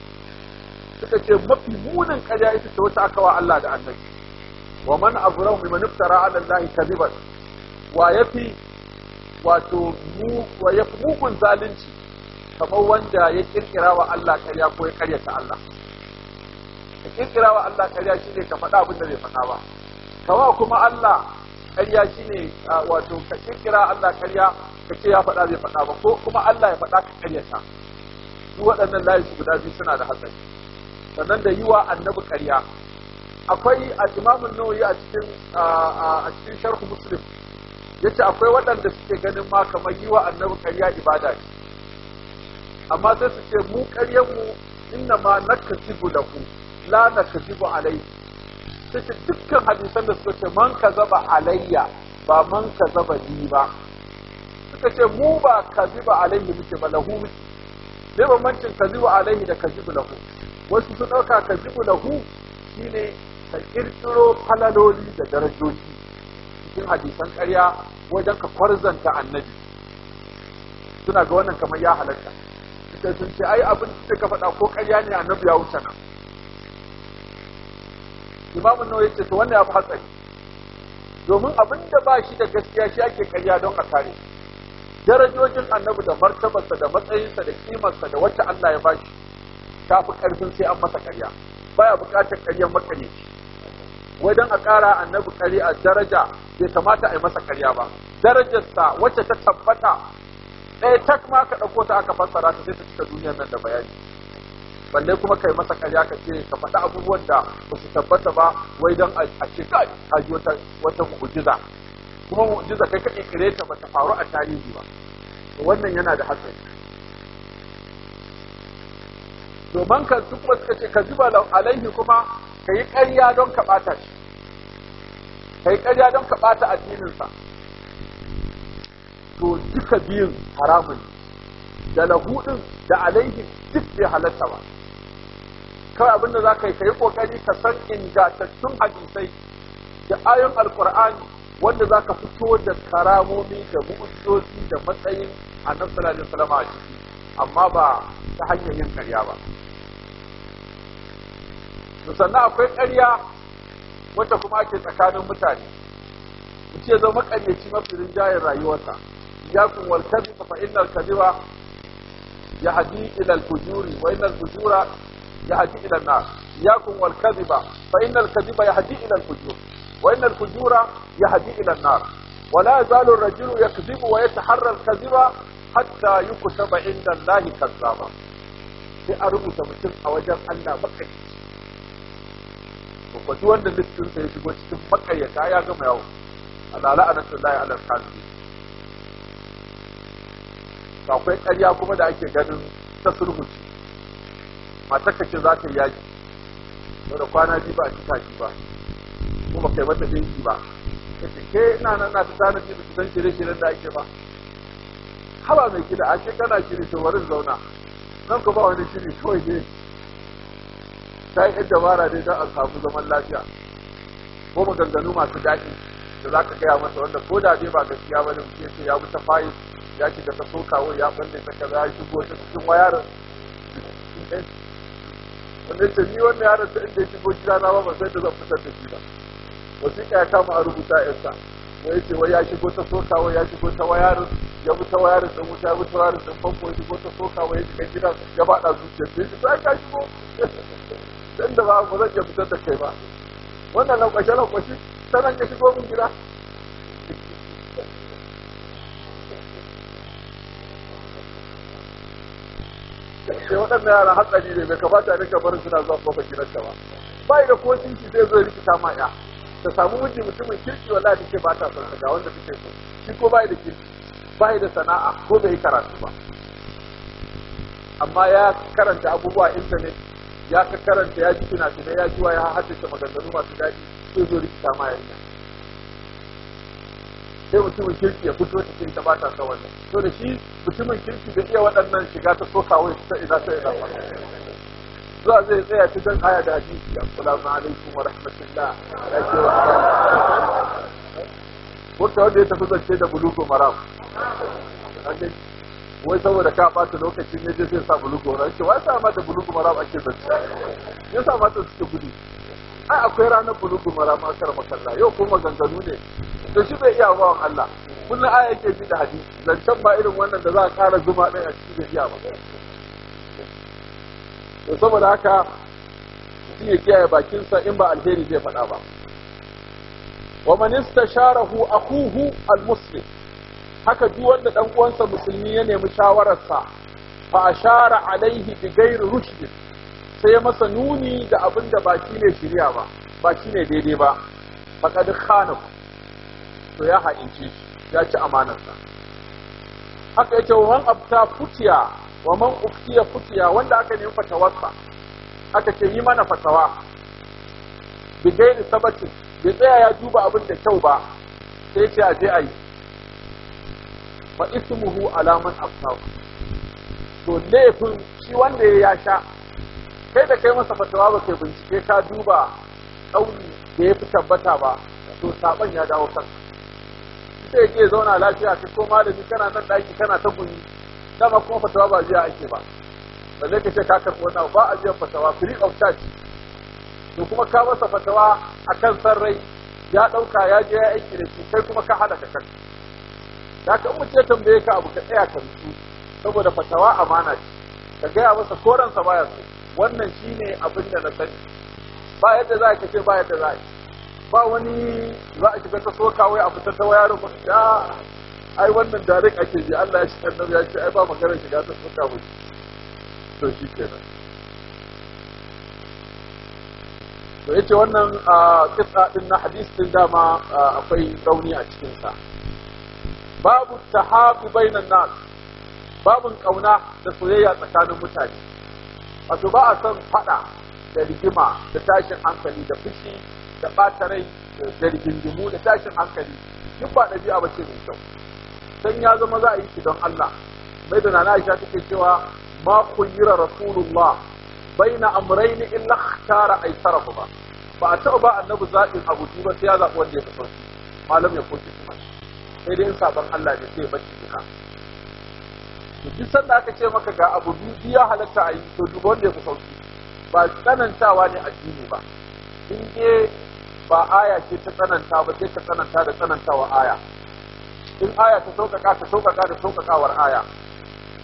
suka ce mafi munin karya ita ce wata aka Allah da annabi wa man azrahu man iftara ala Allah kadiban wa yafi wato mu wa yafi mugun zalunci kamar wanda ya kirkira wa Allah ƙarya ko ya ta Allah ka kirkira wa Allah ƙarya shine ka faɗa abin da bai faɗa ba kawa kuma Allah ƙarya shine wato ka kira Allah ƙarya ka ce ya faɗa zai faɗa ba ko kuma Allah ya faɗa ka ta duk waɗannan layi su guda biyu suna da hatsari sannan da yiwa annabi ƙarya akwai a imam a cikin a cikin sharhu Muslim yace akwai waɗanda suke ganin ma kamar yiwa annabi ƙarya ibada ce amma sai su ce mu ƙaryan mu inna ma nakasibu lahu la nakasibu alayhi take dukkan hadisan da suka ce man kazaba alayya ba man kazaba ni ba suka ce mu ba kaziba alayhi muke ba lahu muke ne bambancin kaziba alayhi da kazibu lahu wasu sun ɗauka kazibu lahu shine ka kirkiro falaloli da darajoji cikin hadisan ƙarya wajen ka kwarzanta annabi suna ga wannan kamar ya halatta sai sun ce ai abin da ka faɗa ko ƙarya ne annabi ya wuce nan imamun nawa yace to wannan fi hatsari domin abinda ba shi da gaskiya shi ake karya don a kare darajojin annabi da martabarsa da matsayinsa da kimarsa da wacce Allah ya bashi ta fi karfin sai an masa karya baya bukatar karyar shi wai don a kara annabi kari a daraja bai kamata a yi masa karya ba darajarsa wacce ta tabbata ɗaya tak ma ka ɗauko ta aka fassara ta sai ta cika duniyar nan da bayani balle kuma kai masa karya ka ce ka faɗi abubuwan da ba su tabbata ba wai don a ce ka ji wata wata mu'jiza kuma mu'jiza kai ka kirkire ta ba ta faru a tarihi ba wannan yana da hatsari domin kan su kuma suka ce ka zuba alaihi kuma ka yi ƙarya don ka ɓata shi ka yi ƙarya don ka ɓata addininsa to duka biyun haramun da lahudin da alaihi duk bai halatta ba kawai abinda za ka yi ka yi ƙoƙari ka san ingantattun hadisai da ayon alƙur'ani wanda za ka fito da karamomi da mu'ujoji da matsayin annabi sallallahu alaihi a ciki amma ba ta hanyar yin ƙarya ba sannan akwai ƙarya wata kuma ake tsakanin mutane Mu ce zama ƙaryaci mafi rinjayen rayuwarsa ya kun walkazi fa innal kadiba ya hadi ila al wa innal fujura يهدي إلى النار إياكم kujura فإن hadi يهدي إلى الفجور وإن الفجور يهدي إلى النار ولا يزال الرجل يكذب ويتحرى الكذب حتى يكتب عند الله كذابا sai a rubuta mutum a wajen Allah bakai to kwaji wanda littin sai shigo cikin makayyata ya gama yawo ala la'anatullahi ala al-kafirin akwai karya kuma da ake ganin ta matar ce za ta yi yaki da kwana biyu ba a cika shi ba kuma kai mata dinki ba ka ce ke ina nan na ta tsanin da su san shirye-shiryen da ake ba haba mai gida a ce kana shiri to warin zauna nan ka ba wani shiri kawai ne ta yi dabara ne don a samu zaman lafiya ko maganganu masu daɗi da za ka gaya masa wanda ko da dai ba gaskiya ba ne mutum ce ya wuce fayi ya shiga ta sokawo ya balle ta kaza ya shigo ta cikin wayarin sannan ce ni wannan yaron ta inda ya shigo gida na ba sai da zan fitar da shi ba wasiƙa ya kama a rubuta yarsa wai ce wai ya shigo ta soka wai ya shigo ta wayarin ya bi ta wayarin da wuta ya bi ta wayarin da famfo ya shigo ta soka wai ya shiga gida ya faɗa zuciya ta shi sai ka shigo dan da ba ba zan iya fitar da kai ba wannan lankwashe lankwashe ta ya shigo min gida sai waɗannan yaran hatsari ne bai kamata rika barin suna zuwa kofar ta ba yi da ko cinci zai zo rikita ma ya ta samu miji mutumin kirki wallahi take ba ta son ga wanda take so shi ko bai da kirki bai da sana'a ko bai karatu ba amma ya karanta abubuwa intanet ya karanta ya ji fina ya ji wa ya haddace maganganu masu daɗi sai zo rikita ma ne sai mutumin kirki ya fito cikin ta ba ta sa wannan to da shi mutumin kirki da iya waɗannan shiga ta soka wai ta ina ta ina ba zuwa zai tsaya cikin aya da hadisi ma alaikum wa rahmatullah ya ce wa wata wanda ya tafi zance da bulugu maram wai saboda ka bata lokacin ne je zai sa bulugu maram ce wai sa ma da bulugu maram ake zance ya sa mata suke gudu ai akwai ranar bulugu mara makar makalla yau kuma maganganu ne da shi bai iya wa Allah kullum aya yake bi da hadisi zancen ba irin wannan da za a kara zuma ɗaya a cikin iya ba da saboda haka mutum ya kiyaye bakinsa in ba alheri zai faɗa ba wa man istasharahu akuhu almuslim haka duk wanda dan uwansa musulmi ya nemi shawararsa fa ashara alaihi bi ghairi rushdin sai masa nuni da abin da ba shi ne shirya ba ba shi ne daidai ba faƙad khana to ya ha'ince shi ya ci amanarsa haka yake wan abta futiya wa man uftiya futiya wanda aka nemi fatawarsa aka ce yi mana fatawa bi gairi sabatin bai tsaya ya duba abin da kyau ba sai ce a je a yi fa ismuhu alaman abta to laifin shi wanda ya sha kai da kai masa fatawa ba kai bincike ka duba kauli da ya fi tabbata ba to saban ya dawo kan sai ke zauna lafiya ka ko malami kana nan ɗaki kana ta guni dama kuma fatawa ba jiya ake ba ba zai kace ka karɓi wannan ba a jiyan fatawa free of charge to kuma ka masa fatawa a akan sarrai ya ɗauka ya je ya aiki da shi kai kuma ka haɗa ka kan da ka mutu ya tambaye ka abu ka tsaya ka rutu saboda fatawa amana ce ka gaya masa koransa baya so wannan shine abin da na sani ba yadda za a ce ba yadda za a ba wani za a shiga ta soka wai a fitar ta wayar ba a ah, ai wannan darik ake ji Allah ya shiga nan ya ce ai ba magana shiga ta soka mu to shi kenan to yace wannan kisa ah, din na hadis din dama ah, akwai rauni a cikin sa babu tahabu bainan nas babun ƙauna da soyayya tsakanin mutane wato ba a son faɗa da rigima da tashin hankali da fushi da ɓata rai da rigingimu da tashin hankali duk ba ɗabi'a ba ce mai kyau dan ya zama za a yi shi don Allah mai da nana Aisha take cewa ma khuyira rasulullah baina amrayn illa ikhtara aysarahuma ba a taɓa ba annabi zaɓin abu ba sai ya zaɓi wanda ya fi malam ya koke kuma sai dai sabon Allah ne sai ya bace duka to duk sanda aka ce maka ga abu biyu ya halatta a yi to duk wanda ya fi sauki ba tsanantawa ne addini ba in ke ba aya ce ta tsananta ba sai ta tsananta da tsanantawa aya in aya ta sauƙaƙa ta sauƙaƙa da sauƙaƙawar aya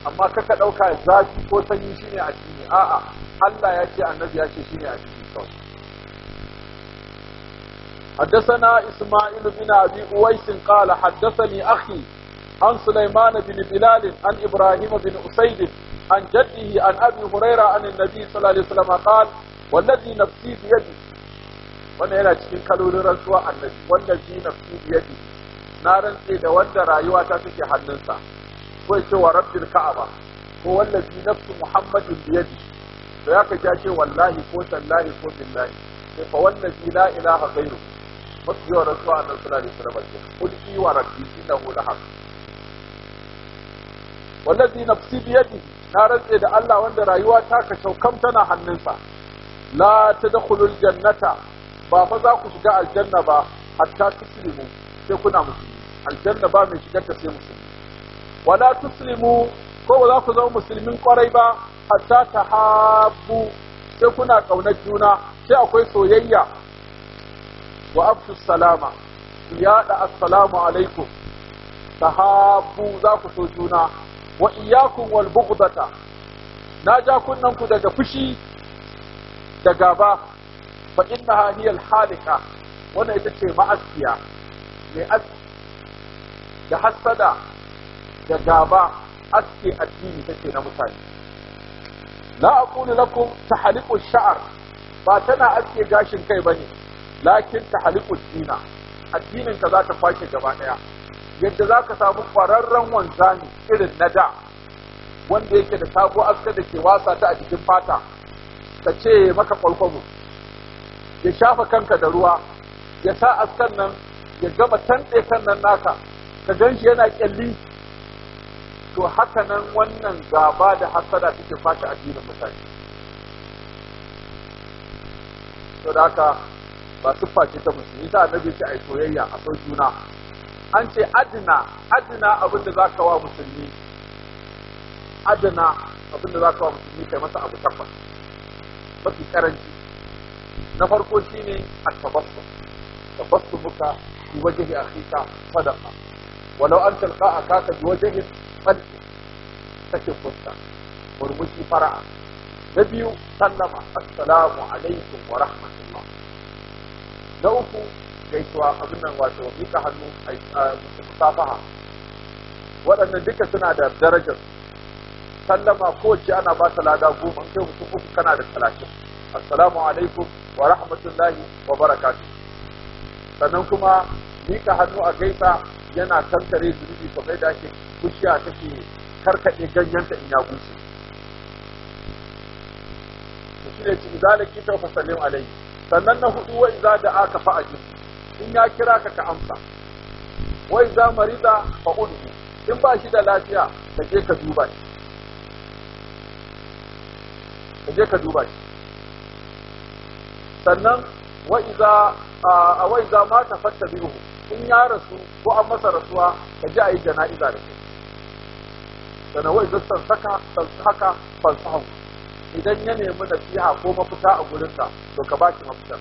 amma kaka ɗauka zafi ko sanyi shine addini a'a Allah ya ce annabi ya ce shine addini kawai حدثنا إسماعيل بن أبي أويس قال حدثني أخي عن سليمان بن بلال عن إبراهيم بن أسيد عن جده عن أبي هريرة عن النبي صلى الله عليه وسلم قال والذي نفسي بيده Wannan yana cikin kalolin rantsuwa annabi wallazi nafsi biyadi na rantse da wanda rayuwa ta take hannunsa ko ya ce wa rabbil ka'aba ko wallazi nafsu muhammadin biyadi to ya kaja ce wallahi ko tallahi ko billahi sai fa wallazi la ilaha ghairu masu yawan rantsuwa annabi sallallahu alaihi wasallam wa rabbi lahaq wallazi nafsi biyadi na rantse da Allah wanda rayuwa ta ka shaukam tana hannunsa la tadkhulul jannata ba fa za ku shiga aljanna ba hatta tuslimu sai kuna musulmi aljanna ba mai shigar ta sai musulmi wala tuslimu ko ba za ku zama musulmin kwarai ba hatta tahabbu sai kuna kaunar juna sai akwai soyayya wa afshu salama ya da assalamu alaikum tahabbu za ku so juna وإياكم والبغضة ناجا كنا نكودة فشي دقابا فإنها هي الحالكة وانا يتشي ما أسيا لأس لحسدا دقابا أسيا الدين يتشي نمساني لا أقول لكم تحلق الشعر باتنا أسيا جاشن كيباني لكن تحلق الدين الدين انتظار تفايش جبانيا yadda za ka samu kwararren wanzami irin na da wanda yake da sabo aska da ke wasa ta a jikin fata ka ce maka kwalkwabo ya shafa kanka da ruwa ya sa askan nan ya gama tanɗe sannan naka ka gan shi yana ƙyalli to haka nan wannan gaba da hasada take fata a addinin mutane to da haka ba su ce ta musulmi ta annabi ta ai soyayya a sau juna an ce adina adina abin da za ka wa musulmi adina abin da za ka wa musulmi kai masa abu tabbas mafi karanci na farko shi ne a tabbasu at-tabassum tabassumuka bi a akhika sadaqa walau an talqa yi bi ne fadli kake fuska murmushi fara'a na biyu sallama assalamu alaikum wa rahmatullah na uku gaisuwa abin nan wato mika hannu a musafaha waɗannan duka suna da darajar sallama ko ce ana ba ta lada goma sai mutum uku kana da talatin assalamu alaikum wa rahmatullahi wa barakatu sannan kuma mika hannu a gaisa yana kankare zunubi kamar da ake kushiya take karkaɗe ganyenta in ya bushe shi ne ci zalaki ta fasalin sannan na hudu wa iza da aka fa'a jiki. in ya kira ka ka amsa wai za marida fa udhu in ba shi da lafiya ka je ka duba shi ka je ka duba shi sannan a wai za ma ta fatta bihu in ya rasu ko an masa rasuwa ka ji a yi jana'iza da shi sannan saka san saka sansaka fansahu idan ya nemi nasiha ko mafita a gurinka to ka ba shi mafita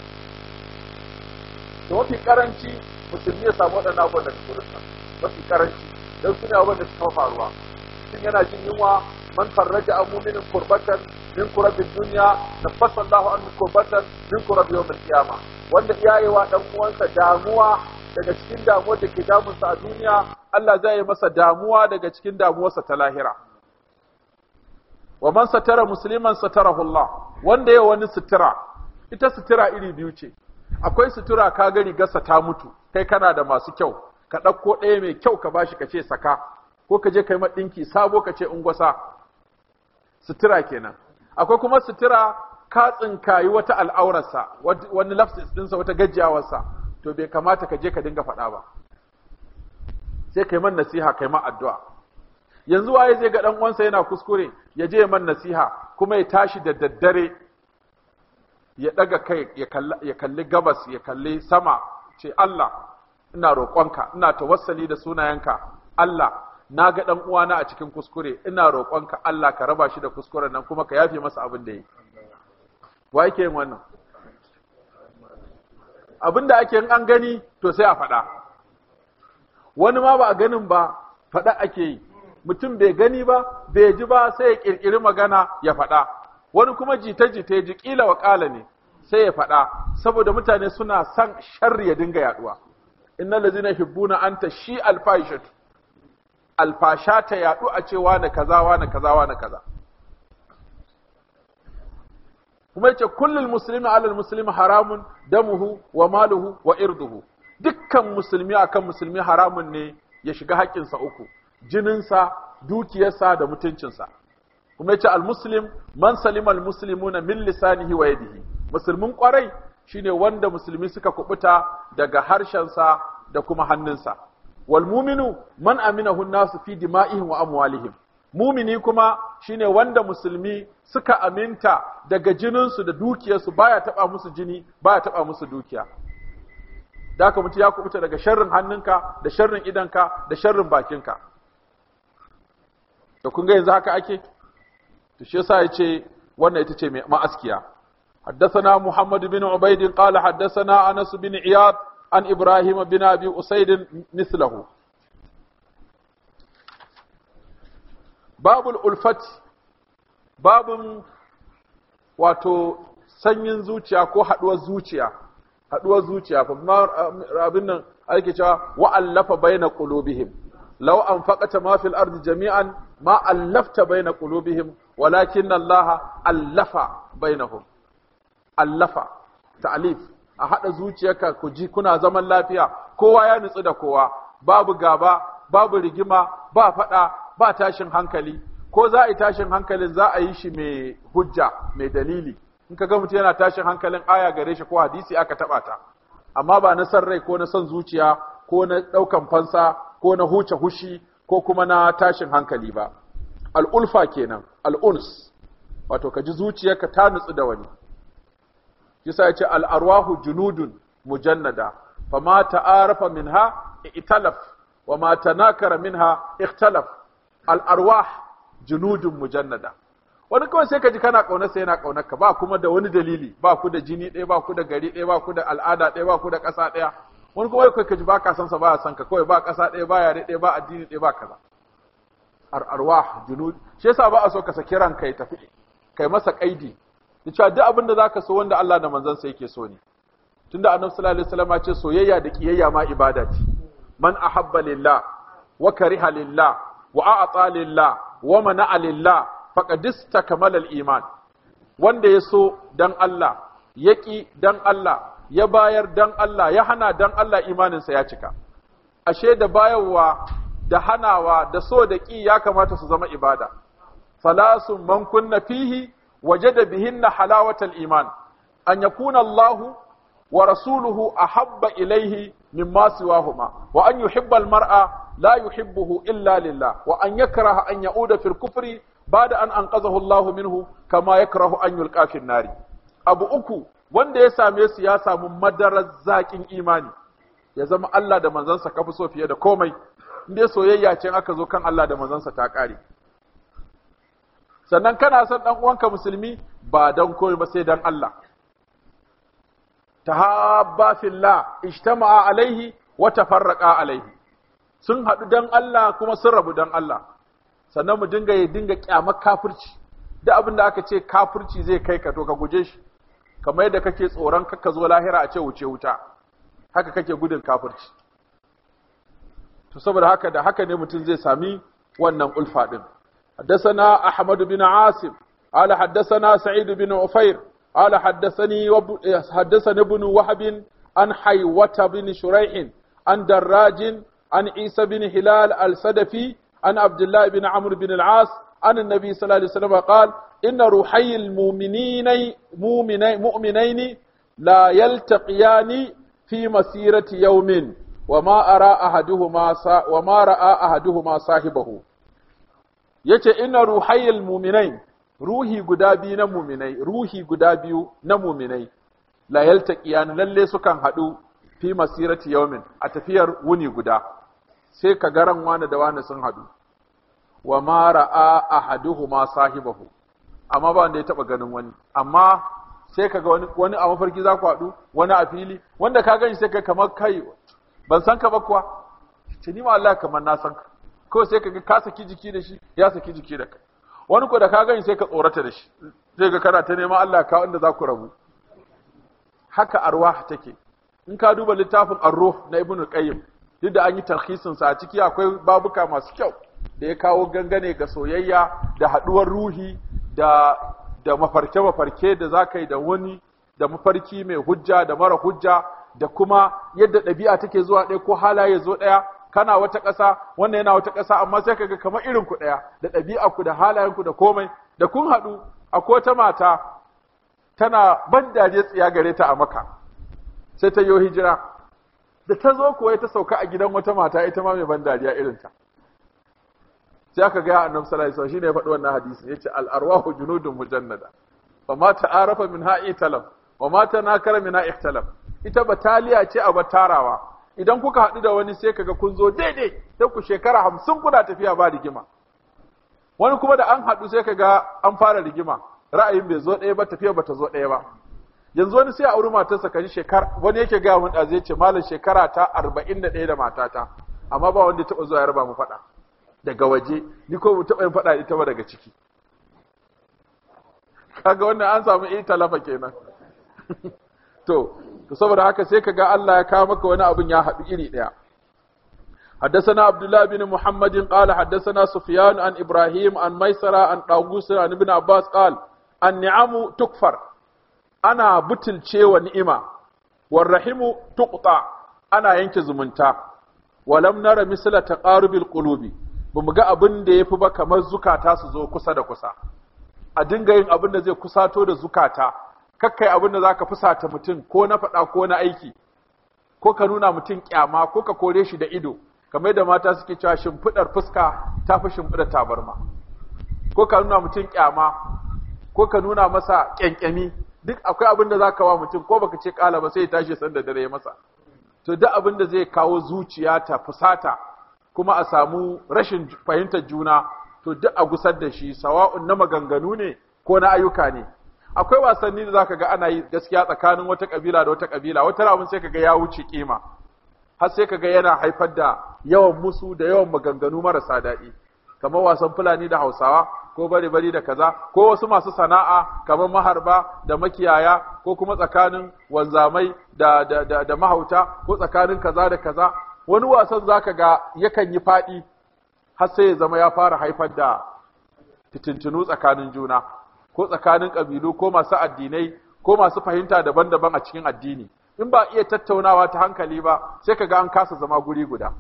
Da mafi karanci musulmi ya samu waɗannan abubuwan daga gurinsa mafi karanci don su ne abubuwan da suka faruwa mutum yana jin yunwa man farraja an muminin kurbatan min kurabin duniya na fasallahu an kurbatan min kurabin yau mai kiyama wanda iyayewa ɗan uwansa damuwa daga cikin damuwar da ke damunsa a duniya Allah zai yi masa damuwa daga cikin damuwarsa ta lahira wa man satara musliman satarahu Allah wanda ya wani sitira. ita sitira iri biyu ce akwai sutura ka ga gasa ta mutu kai kana da masu kyau ka ɗauko ɗaya mai kyau ka bashi ka ce saka ko ka je kai maɗinki sabo ka ce ungwasa sutura kenan akwai kuma sutura ka tsinkayi wata al'aurarsa wani lafsis ɗinsa wata gajiyawarsa to bai kamata ka je ka dinga faɗa ba sai kai man nasiha kai ma addu'a yanzu waye zai ga dan uwansa yana kuskure ya je man nasiha kuma ya tashi da daddare ya daga kai ya kalli gabas ya kalli sama ce Allah ina roƙonka ina tawassali da sunayenka Allah na ga dan uwana a cikin kuskure ina roƙonka Allah ka raba shi da kuskuren nan kuma ka yafe masa abin da yi wa yake yin wannan abin da ake an gani to sai a faɗa wani ma ba a ganin ba faɗa ake yi mutum bai gani ba bai ji ba sai ya ƙirƙiri magana ya faɗa wani kuma jita-jita ya ji ƙila wa ƙala ne sai ya faɗa saboda mutane suna son sharri ya dinga yaɗuwa. yaduwa hibbu na an ta shi alfasha ta yadu a cewa na kaza wa na kaza wa na kaza kuma yace kullul muslimi alal muslimi haramun damuhu wa maluhu wa irduhu dukkan musulmi akan musulmi haramun ne ya shiga haƙƙinsa uku jininsa dukiyarsa da mutuncinsa kuma yace al-muslim man salima al-muslimuna min lisanihi wa yadihi musulmin kwarai shine wanda musulmi suka kubuta daga harshen sa da kuma hannunsa wal mu'minu man amina an-nasu fi dima'ihim wa amwalihim mumini kuma shine wanda musulmi suka aminta daga jininsu da dukiyarsu baya taba musu jini baya taba musu dukiya da ka mutu ya kubuta daga sharrin hannunka da sharrin idanka da sharrin bakinka da kun ga yanzu haka ake to shi yasa yace wannan ita ce mai ma'askiya حدثنا Muhammadu bin عبيد qala حدثنا أنس بن عياض عن إبراهيم بن أبي أسيد mislahu. Babul ulfat باب wato sanyin zuciya ko haduwar zuciya haduwar zuciya fa abin nan ake cewa wa allafa baina qulubihim law anfaqata ma fil ardi jami'an ma allafta baina qulubihim walakin bai na bainahum allafa ta'alif a haɗa zuciyarka ku ji kuna zaman lafiya kowa ya nutsu da kowa babu gaba babu rigima ba faɗa ba tashin hankali ko za a yi tashin hankalin za a yi shi mai hujja mai dalili in ka ga mutum yana tashin hankalin aya gare shi ko hadisi aka taɓata, ta amma ba na san rai ko na son zuciya ko na ɗaukan fansa ko na huce hushi ko kuma na tashin hankali ba al'ulfa kenan al'uns wato ka ji zuciyarka ta nutsu da wani yasa ce al'arwahu junudun mujannada fama ta'arafa ha? italaf wa ma ta min minha italaf al'arwah junudun mujannada wani kawai sai ka ji kana ƙaunar sai yana ƙaunar ka ba kuma da wani dalili ba ku da jini ɗaya ba ku da gari ɗaya ba ku da al'ada ɗaya ba ku da ƙasa ɗaya wani kuma kai ka ji ba ka san sa ba san ka kawai ba ƙasa ɗaya ba yare ɗaya ba addini ɗaya ba kaza arwah junud shi yasa ba a so ka saki ranka ya tafi kai masa kaidi ya ce duk abin da zaka so wanda Allah da manzansa yake so ne tunda annabi sallallahu alaihi wasallam ya ce soyayya da kiyayya ma ibada ce man ahabba lillah wa kariha lillah wa a'ata lillah wa mana'a lillah faqad istakmala al-iman wanda ya so dan Allah yaki dan Allah ya bayar dan Allah ya hana dan Allah imaninsa ya cika ashe da bayarwa da hanawa da so da ƙi ya kamata su zama ibada salasun man kunna fihi wajada bihinna halawatal iman an yakuna wa rasuluhu ahabba ilaihi min siwahuma wa an yuhibba mar'a la yuhibbuhu illa lillah wa an yakraha an ya'uda fil kufri bada an anqazahu Allahu minhu kama yakrahu an yi fin nari abu uku wanda ya same su ya samu madarar zaƙin imani ya zama Allah da manzansa kafi so fiye da komai inda soyayya ce aka zo kan Allah da manzansa ta kare sannan kana son dan uwanka musulmi ba dan koyi ba sai dan Allah tahabba fillah ijtama'a alaihi wa tafarraqa alaihi sun haɗu dan Allah kuma sun rabu dan Allah sannan mu dinga ya dinga kyamar kafirci da abin da aka ce kafirci zai kai ka to ka guje shi kamar yadda kake tsoron kakka zo lahira a ce wuce wuta haka kake gudun kafirci to saboda haka da haka ne mutum zai sami wannan ulfa din haddathana ahmad bin asim ala haddathana sa'id bin ufair ala haddathani haddathana ibn an Haiwata bin shuraih an Darrajin an isa bin hilal al sadafi an abdullah bin amr bin al as an annabi sallallahu alaihi wasallam qala inna ruhay mu'minaini la yaltaqiyani fi masirati yawmin Wama, ma ara ahaduhuma sa wa ma ra'a ahaduhuma sahibahu yace inna ruhayil mu'minain ruhi guda biyu na mu'minai ruhi guda biyu na mu'minai la yaltaqiyan lalle sukan hadu fi masirati yawmin a tafiyar wuni guda sai ka garan wani da wani sun hadu wa ma ra'a ahaduhuma sahibahu amma ba wanda ya taba ganin wani amma sai kaga wani wani a mafarki za ku hadu wani a fili wanda ka gani sai kai kamar kai ban san ka ba kuwa ce ni ma Allah kamar na san ka ko sai ka ka saki jiki da shi ya saki jiki da ka wani ko da ka gani sai ka tsorata da shi Sai ga kana ta neman Allah ka wanda za ku rabu haka arwah take in ka duba littafin arruh na ibnu qayyim duk da an yi tarhisin sa a ciki akwai babuka masu kyau da ya kawo gangane ga soyayya da haduwar ruhi da da mafarke mafarke da zakayi da wani da mafarki mai hujja da mara hujja da kuma yadda ɗabi'a take zuwa ɗaya ko halaye zo ɗaya kana wata ƙasa wannan yana wata ƙasa amma sai kaga kamar irin ku ɗaya da ɗabi'a ku da halayen ku da komai da kun haɗu a ko ta mata tana dariya tsiya gare ta a maka sai ta yi hijira da ta zo kuwa ta sauka a gidan wata mata ita ma mai dariya irin ta sai aka ga annabi sallallahu alaihi wasallam shine ya faɗi wannan hadisi yace al arwahu junudun mujannada fa ma arafa min ha'i talab wa mata na karamina ikhtilaf ita bataliya ce a batarawa idan kuka haɗu da wani sai kaga kun zo daidai sai ku shekara hamsin kuna tafiya ba rigima wani kuma da an haɗu sai kaga an fara rigima ra'ayin bai zo ɗaya ba tafiya ba ta zo ɗaya ba yanzu wani sai a auri matarsa kaji shekara wani yake gaya mun zai ce malam shekara ta arba'in da matata amma ba wanda ya taɓa zuwa ya raba mu faɗa daga waje ni ko mu taba yin faɗa ita ba daga ciki kaga wannan an samu ita lafa kenan To saboda haka sai kaga Allah ya kawo maka wani abin ya haɓi iri ɗaya. Haddasa na Abdullahi bin Muhammadu Bikalu, haddasa na an Ibrahim an maisara an Ɗagusa an Ibrahim Abbas Al, an Ni'amu Tukfar. Ana butulcewa ni'ima. Warrahimu Tukfaxa ana yanke zumunta. Walam na ra misala ta Karu bilkulubi. Ba ga abin da ya fi ba kamar zukata su zo kusa da kusa. A dinga yin abin da zai kusato da zukata. kakkai abin da zaka fusata mutum ko na faɗa ko na aiki ko ka nuna mutum kyama ko ka kore shi da ido kamar da mata suke cewa shimfidar fuska ta fi shimfidar tabarma ko ka nuna mutum kyama ko ka nuna masa kyankyami duk akwai abin da zaka wa mutum ko baka ce kala ba sai ya tashi sanda dare ya masa to duk abin da zai kawo zuciya ta fusata kuma a samu rashin fahimtar juna to duk a gusar da shi sawa'un na maganganu ne ko na ayyuka ne akwai wasanni da zaka ga ana yi gaskiya tsakanin wata kabila da wata kabila wata rabin sai kaga ya wuce kima har sai kaga yana haifar da yawan musu da yawan maganganu marasa daɗi kamar wasan fulani da hausawa ko bari bari da kaza ko wasu masu sana'a kamar maharba da makiyaya ko kuma tsakanin wanzamai da, da, da, da mahauta ko tsakanin kaza da kaza wani wasan zaka ga yakan yi faɗi har sai ya zama ya fara haifar da fitintunu tsakanin juna ko tsakanin ƙabilu ko masu addinai ko masu fahimta daban-daban a cikin addini in ba iya tattaunawa ta hankali ba sai ka ga an kasa zama guri guda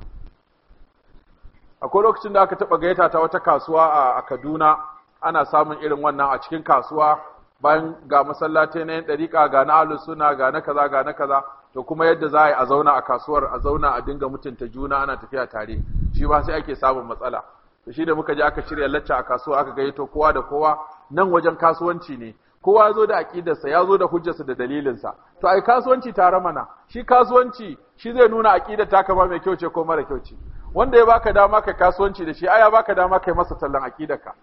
akwai lokacin da aka taɓa gaita ta wata kasuwa a Kaduna ana samun irin wannan a cikin kasuwa bayan ga masallatai na yan ɗariƙa ga na suna ga na kaza ga na kaza to kuma yadda za a yi a zauna a kasuwar a zauna a dinga mutunta juna ana tafiya tare shi ba sai ake samun matsala to shi da muka je aka shirya lacca a kasuwa aka gayyato kowa da kowa nan wajen kasuwanci ne kowa ya zo da aqidarsa ya zo da hujjarsa da dalilinsa to ai kasuwanci tare mana shi kasuwanci shi zai nuna aƙidar ta kama mai kyauce ko mara kyauce. wanda ya baka dama kai kasuwanci da shi ai ya baka dama kai masa tallan ka.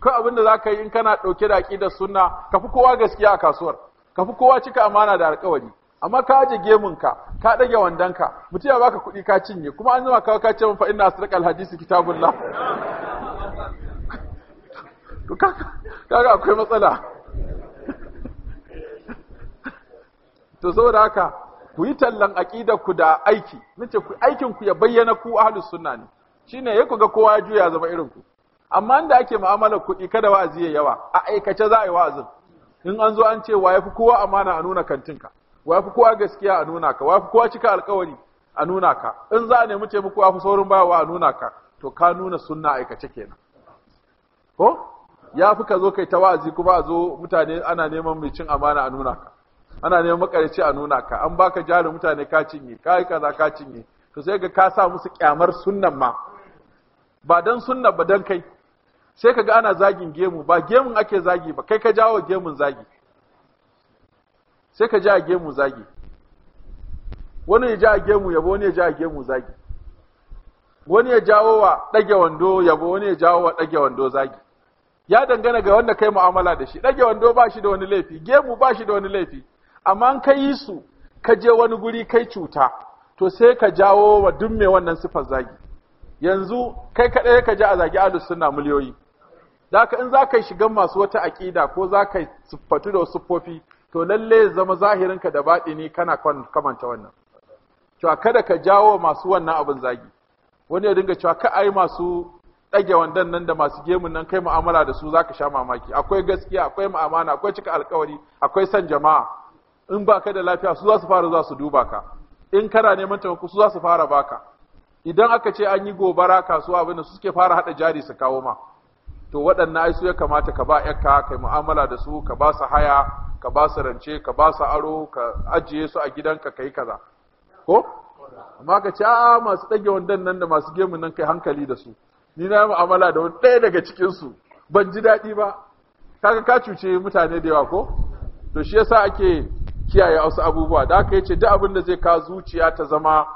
ko abin da zaka yi in kana ɗauke da aqidar sunna ka kowa gaskiya a kasuwar kafi kowa cika amana da alƙawari amma ka aje gemunka ka dage wandanka mutum ya baka kuɗi ka cinye kuma an zama ka ka ce fa inna asraqal alhadisi kitabullah to kaga akwai matsala to saboda haka ku yi tallan aqidarku da aiki nace ku aikin ku ya bayyana ku ahlus sunna ne shine ku ga kowa ya juya zama irin ku amma inda ake mu'amalar kuɗi kada wa'azi ya yawa a aikace za a yi wa'azin in an zo an ce wa yafi kowa amana a nuna kantinka wafi kowa gaskiya a nuna ka wafi kowa cika alkawari a nuna ka in za a nemi taimako wafi saurin bawa a nuna ka to ka nuna sunna aikace kenan ko ya fi ka zo kai ta wa'azi kuma a zo mutane ana neman mai cin amana a nuna ka ana neman makarici a nuna ka an baka jari mutane ka cinye ka yi kaza ka cinye to sai ga ka sa musu kyamar sunnan ma ba dan sunna ba dan kai sai ka ga ana zagin gemu ba gemun ake zagi ba kai ka jawo gemun zagi sai ka ji a gemu zagi wani ya ji a gemu yabo wani ya ji a gemu zagi wani ya jawo wa ɗage wando yabo wani ya jawo wa ɗage wando zagi ya dangana ga wanda kai mu'amala da shi ɗage wando ba shi da wani laifi gemu ba shi da wani laifi amma an kai su ka je wani guri kai cuta to sai ka jawo wa duk mai wannan sifar zagi yanzu kai kaɗai ka ja a zagi ahlus suna miliyoyi da in za ka shiga masu wata aƙida ko za ka siffatu da wasu siffofi to lalle zama zahirinka da baɗi ne kana kamanta wannan cewa kada ka jawo masu wannan abin zagi wani ya dinga cewa ka ai masu ɗage wandan nan da masu gemun nan kai mu'amala da su za ka sha mamaki akwai gaskiya akwai mu'amala akwai cika alkawari akwai san jama'a in ba ka da lafiya su za su fara za su duba ka in kana neman taimako su za su fara baka idan aka ce an yi gobara kasuwa abin da su suke fara haɗa jari su kawo ma to waɗannan ai su ya kamata ka ba yakka kai mu'amala da su ka ba su haya ka ba su rance ka ba su aro ka ajiye su a gidanka kai kaza ko amma ka ce a'a masu ɗage wandan nan da masu gemu nan kai hankali da su ni na mu'amala da wani ɗaya daga cikin su ban ji daɗi ba kaga ka cuce mutane da yawa ko to shi yasa ake kiyaye wasu abubuwa da aka yace duk abin da zai ka zuciya ta zama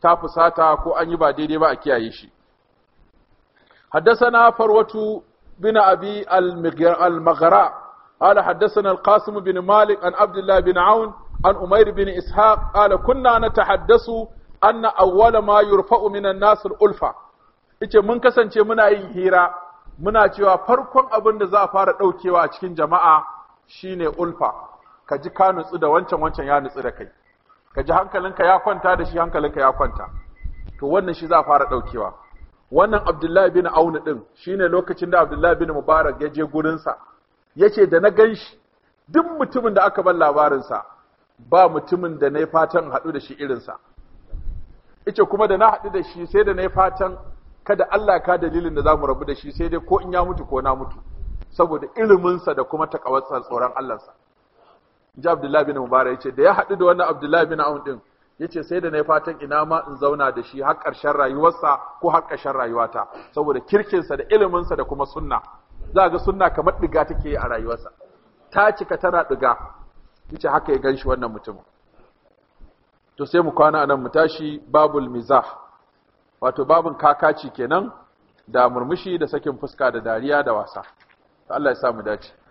ta fusata ko an yi ba daidai ba a kiyaye shi حدثنا فروة Bin أبي المغراء قال حدثنا القاسم بن مالك عن عبد الله بن عون عن أمير بن إسحاق قال كنا نتحدث أن أول ما يرفع من الناس الألفة ice mun kasance muna yin hira muna cewa farkon abin da za a fara ɗaukewa a cikin jama'a shine ulfa ka ji ka nutsu da wancan wancan ya nutsu da kai ka ji hankalinka ya kwanta da shi hankalinka ya kwanta to wannan shi za a fara ɗaukewa wannan abdullahi bin auna din shine lokacin da abdullahi bin mubarak ya je gurinsa yace da na ganshi duk mutumin da aka bar labarinsa ba mutumin da na yi fatan haɗu da shi irinsa ice kuma da na haɗu da shi sai da na yi fatan kada Allah ka dalilin da za mu rabu da shi sai dai ko in ya mutu ko na mutu saboda iliminsa da kuma takawarsa tsoron Allahnsa. Ji Abdullahi bin Mubarak ya ce, da ya haɗu da wannan Abdullahi bin auna ɗin yace sai da nayi fatan ina ma in zauna da shi har ƙarshen rayuwarsa ko har ƙarshen rayuwata saboda kirkinsa da iliminsa da kuma sunna za ga sunna kamar diga take a rayuwarsa ta cika tana diga yace haka ya ganshi wannan mutum. to sai mu kwana anan mu tashi babul mizah wato babun kakaci kenan da murmushi da sakin fuska da dariya da wasa Allah ya sa mu dace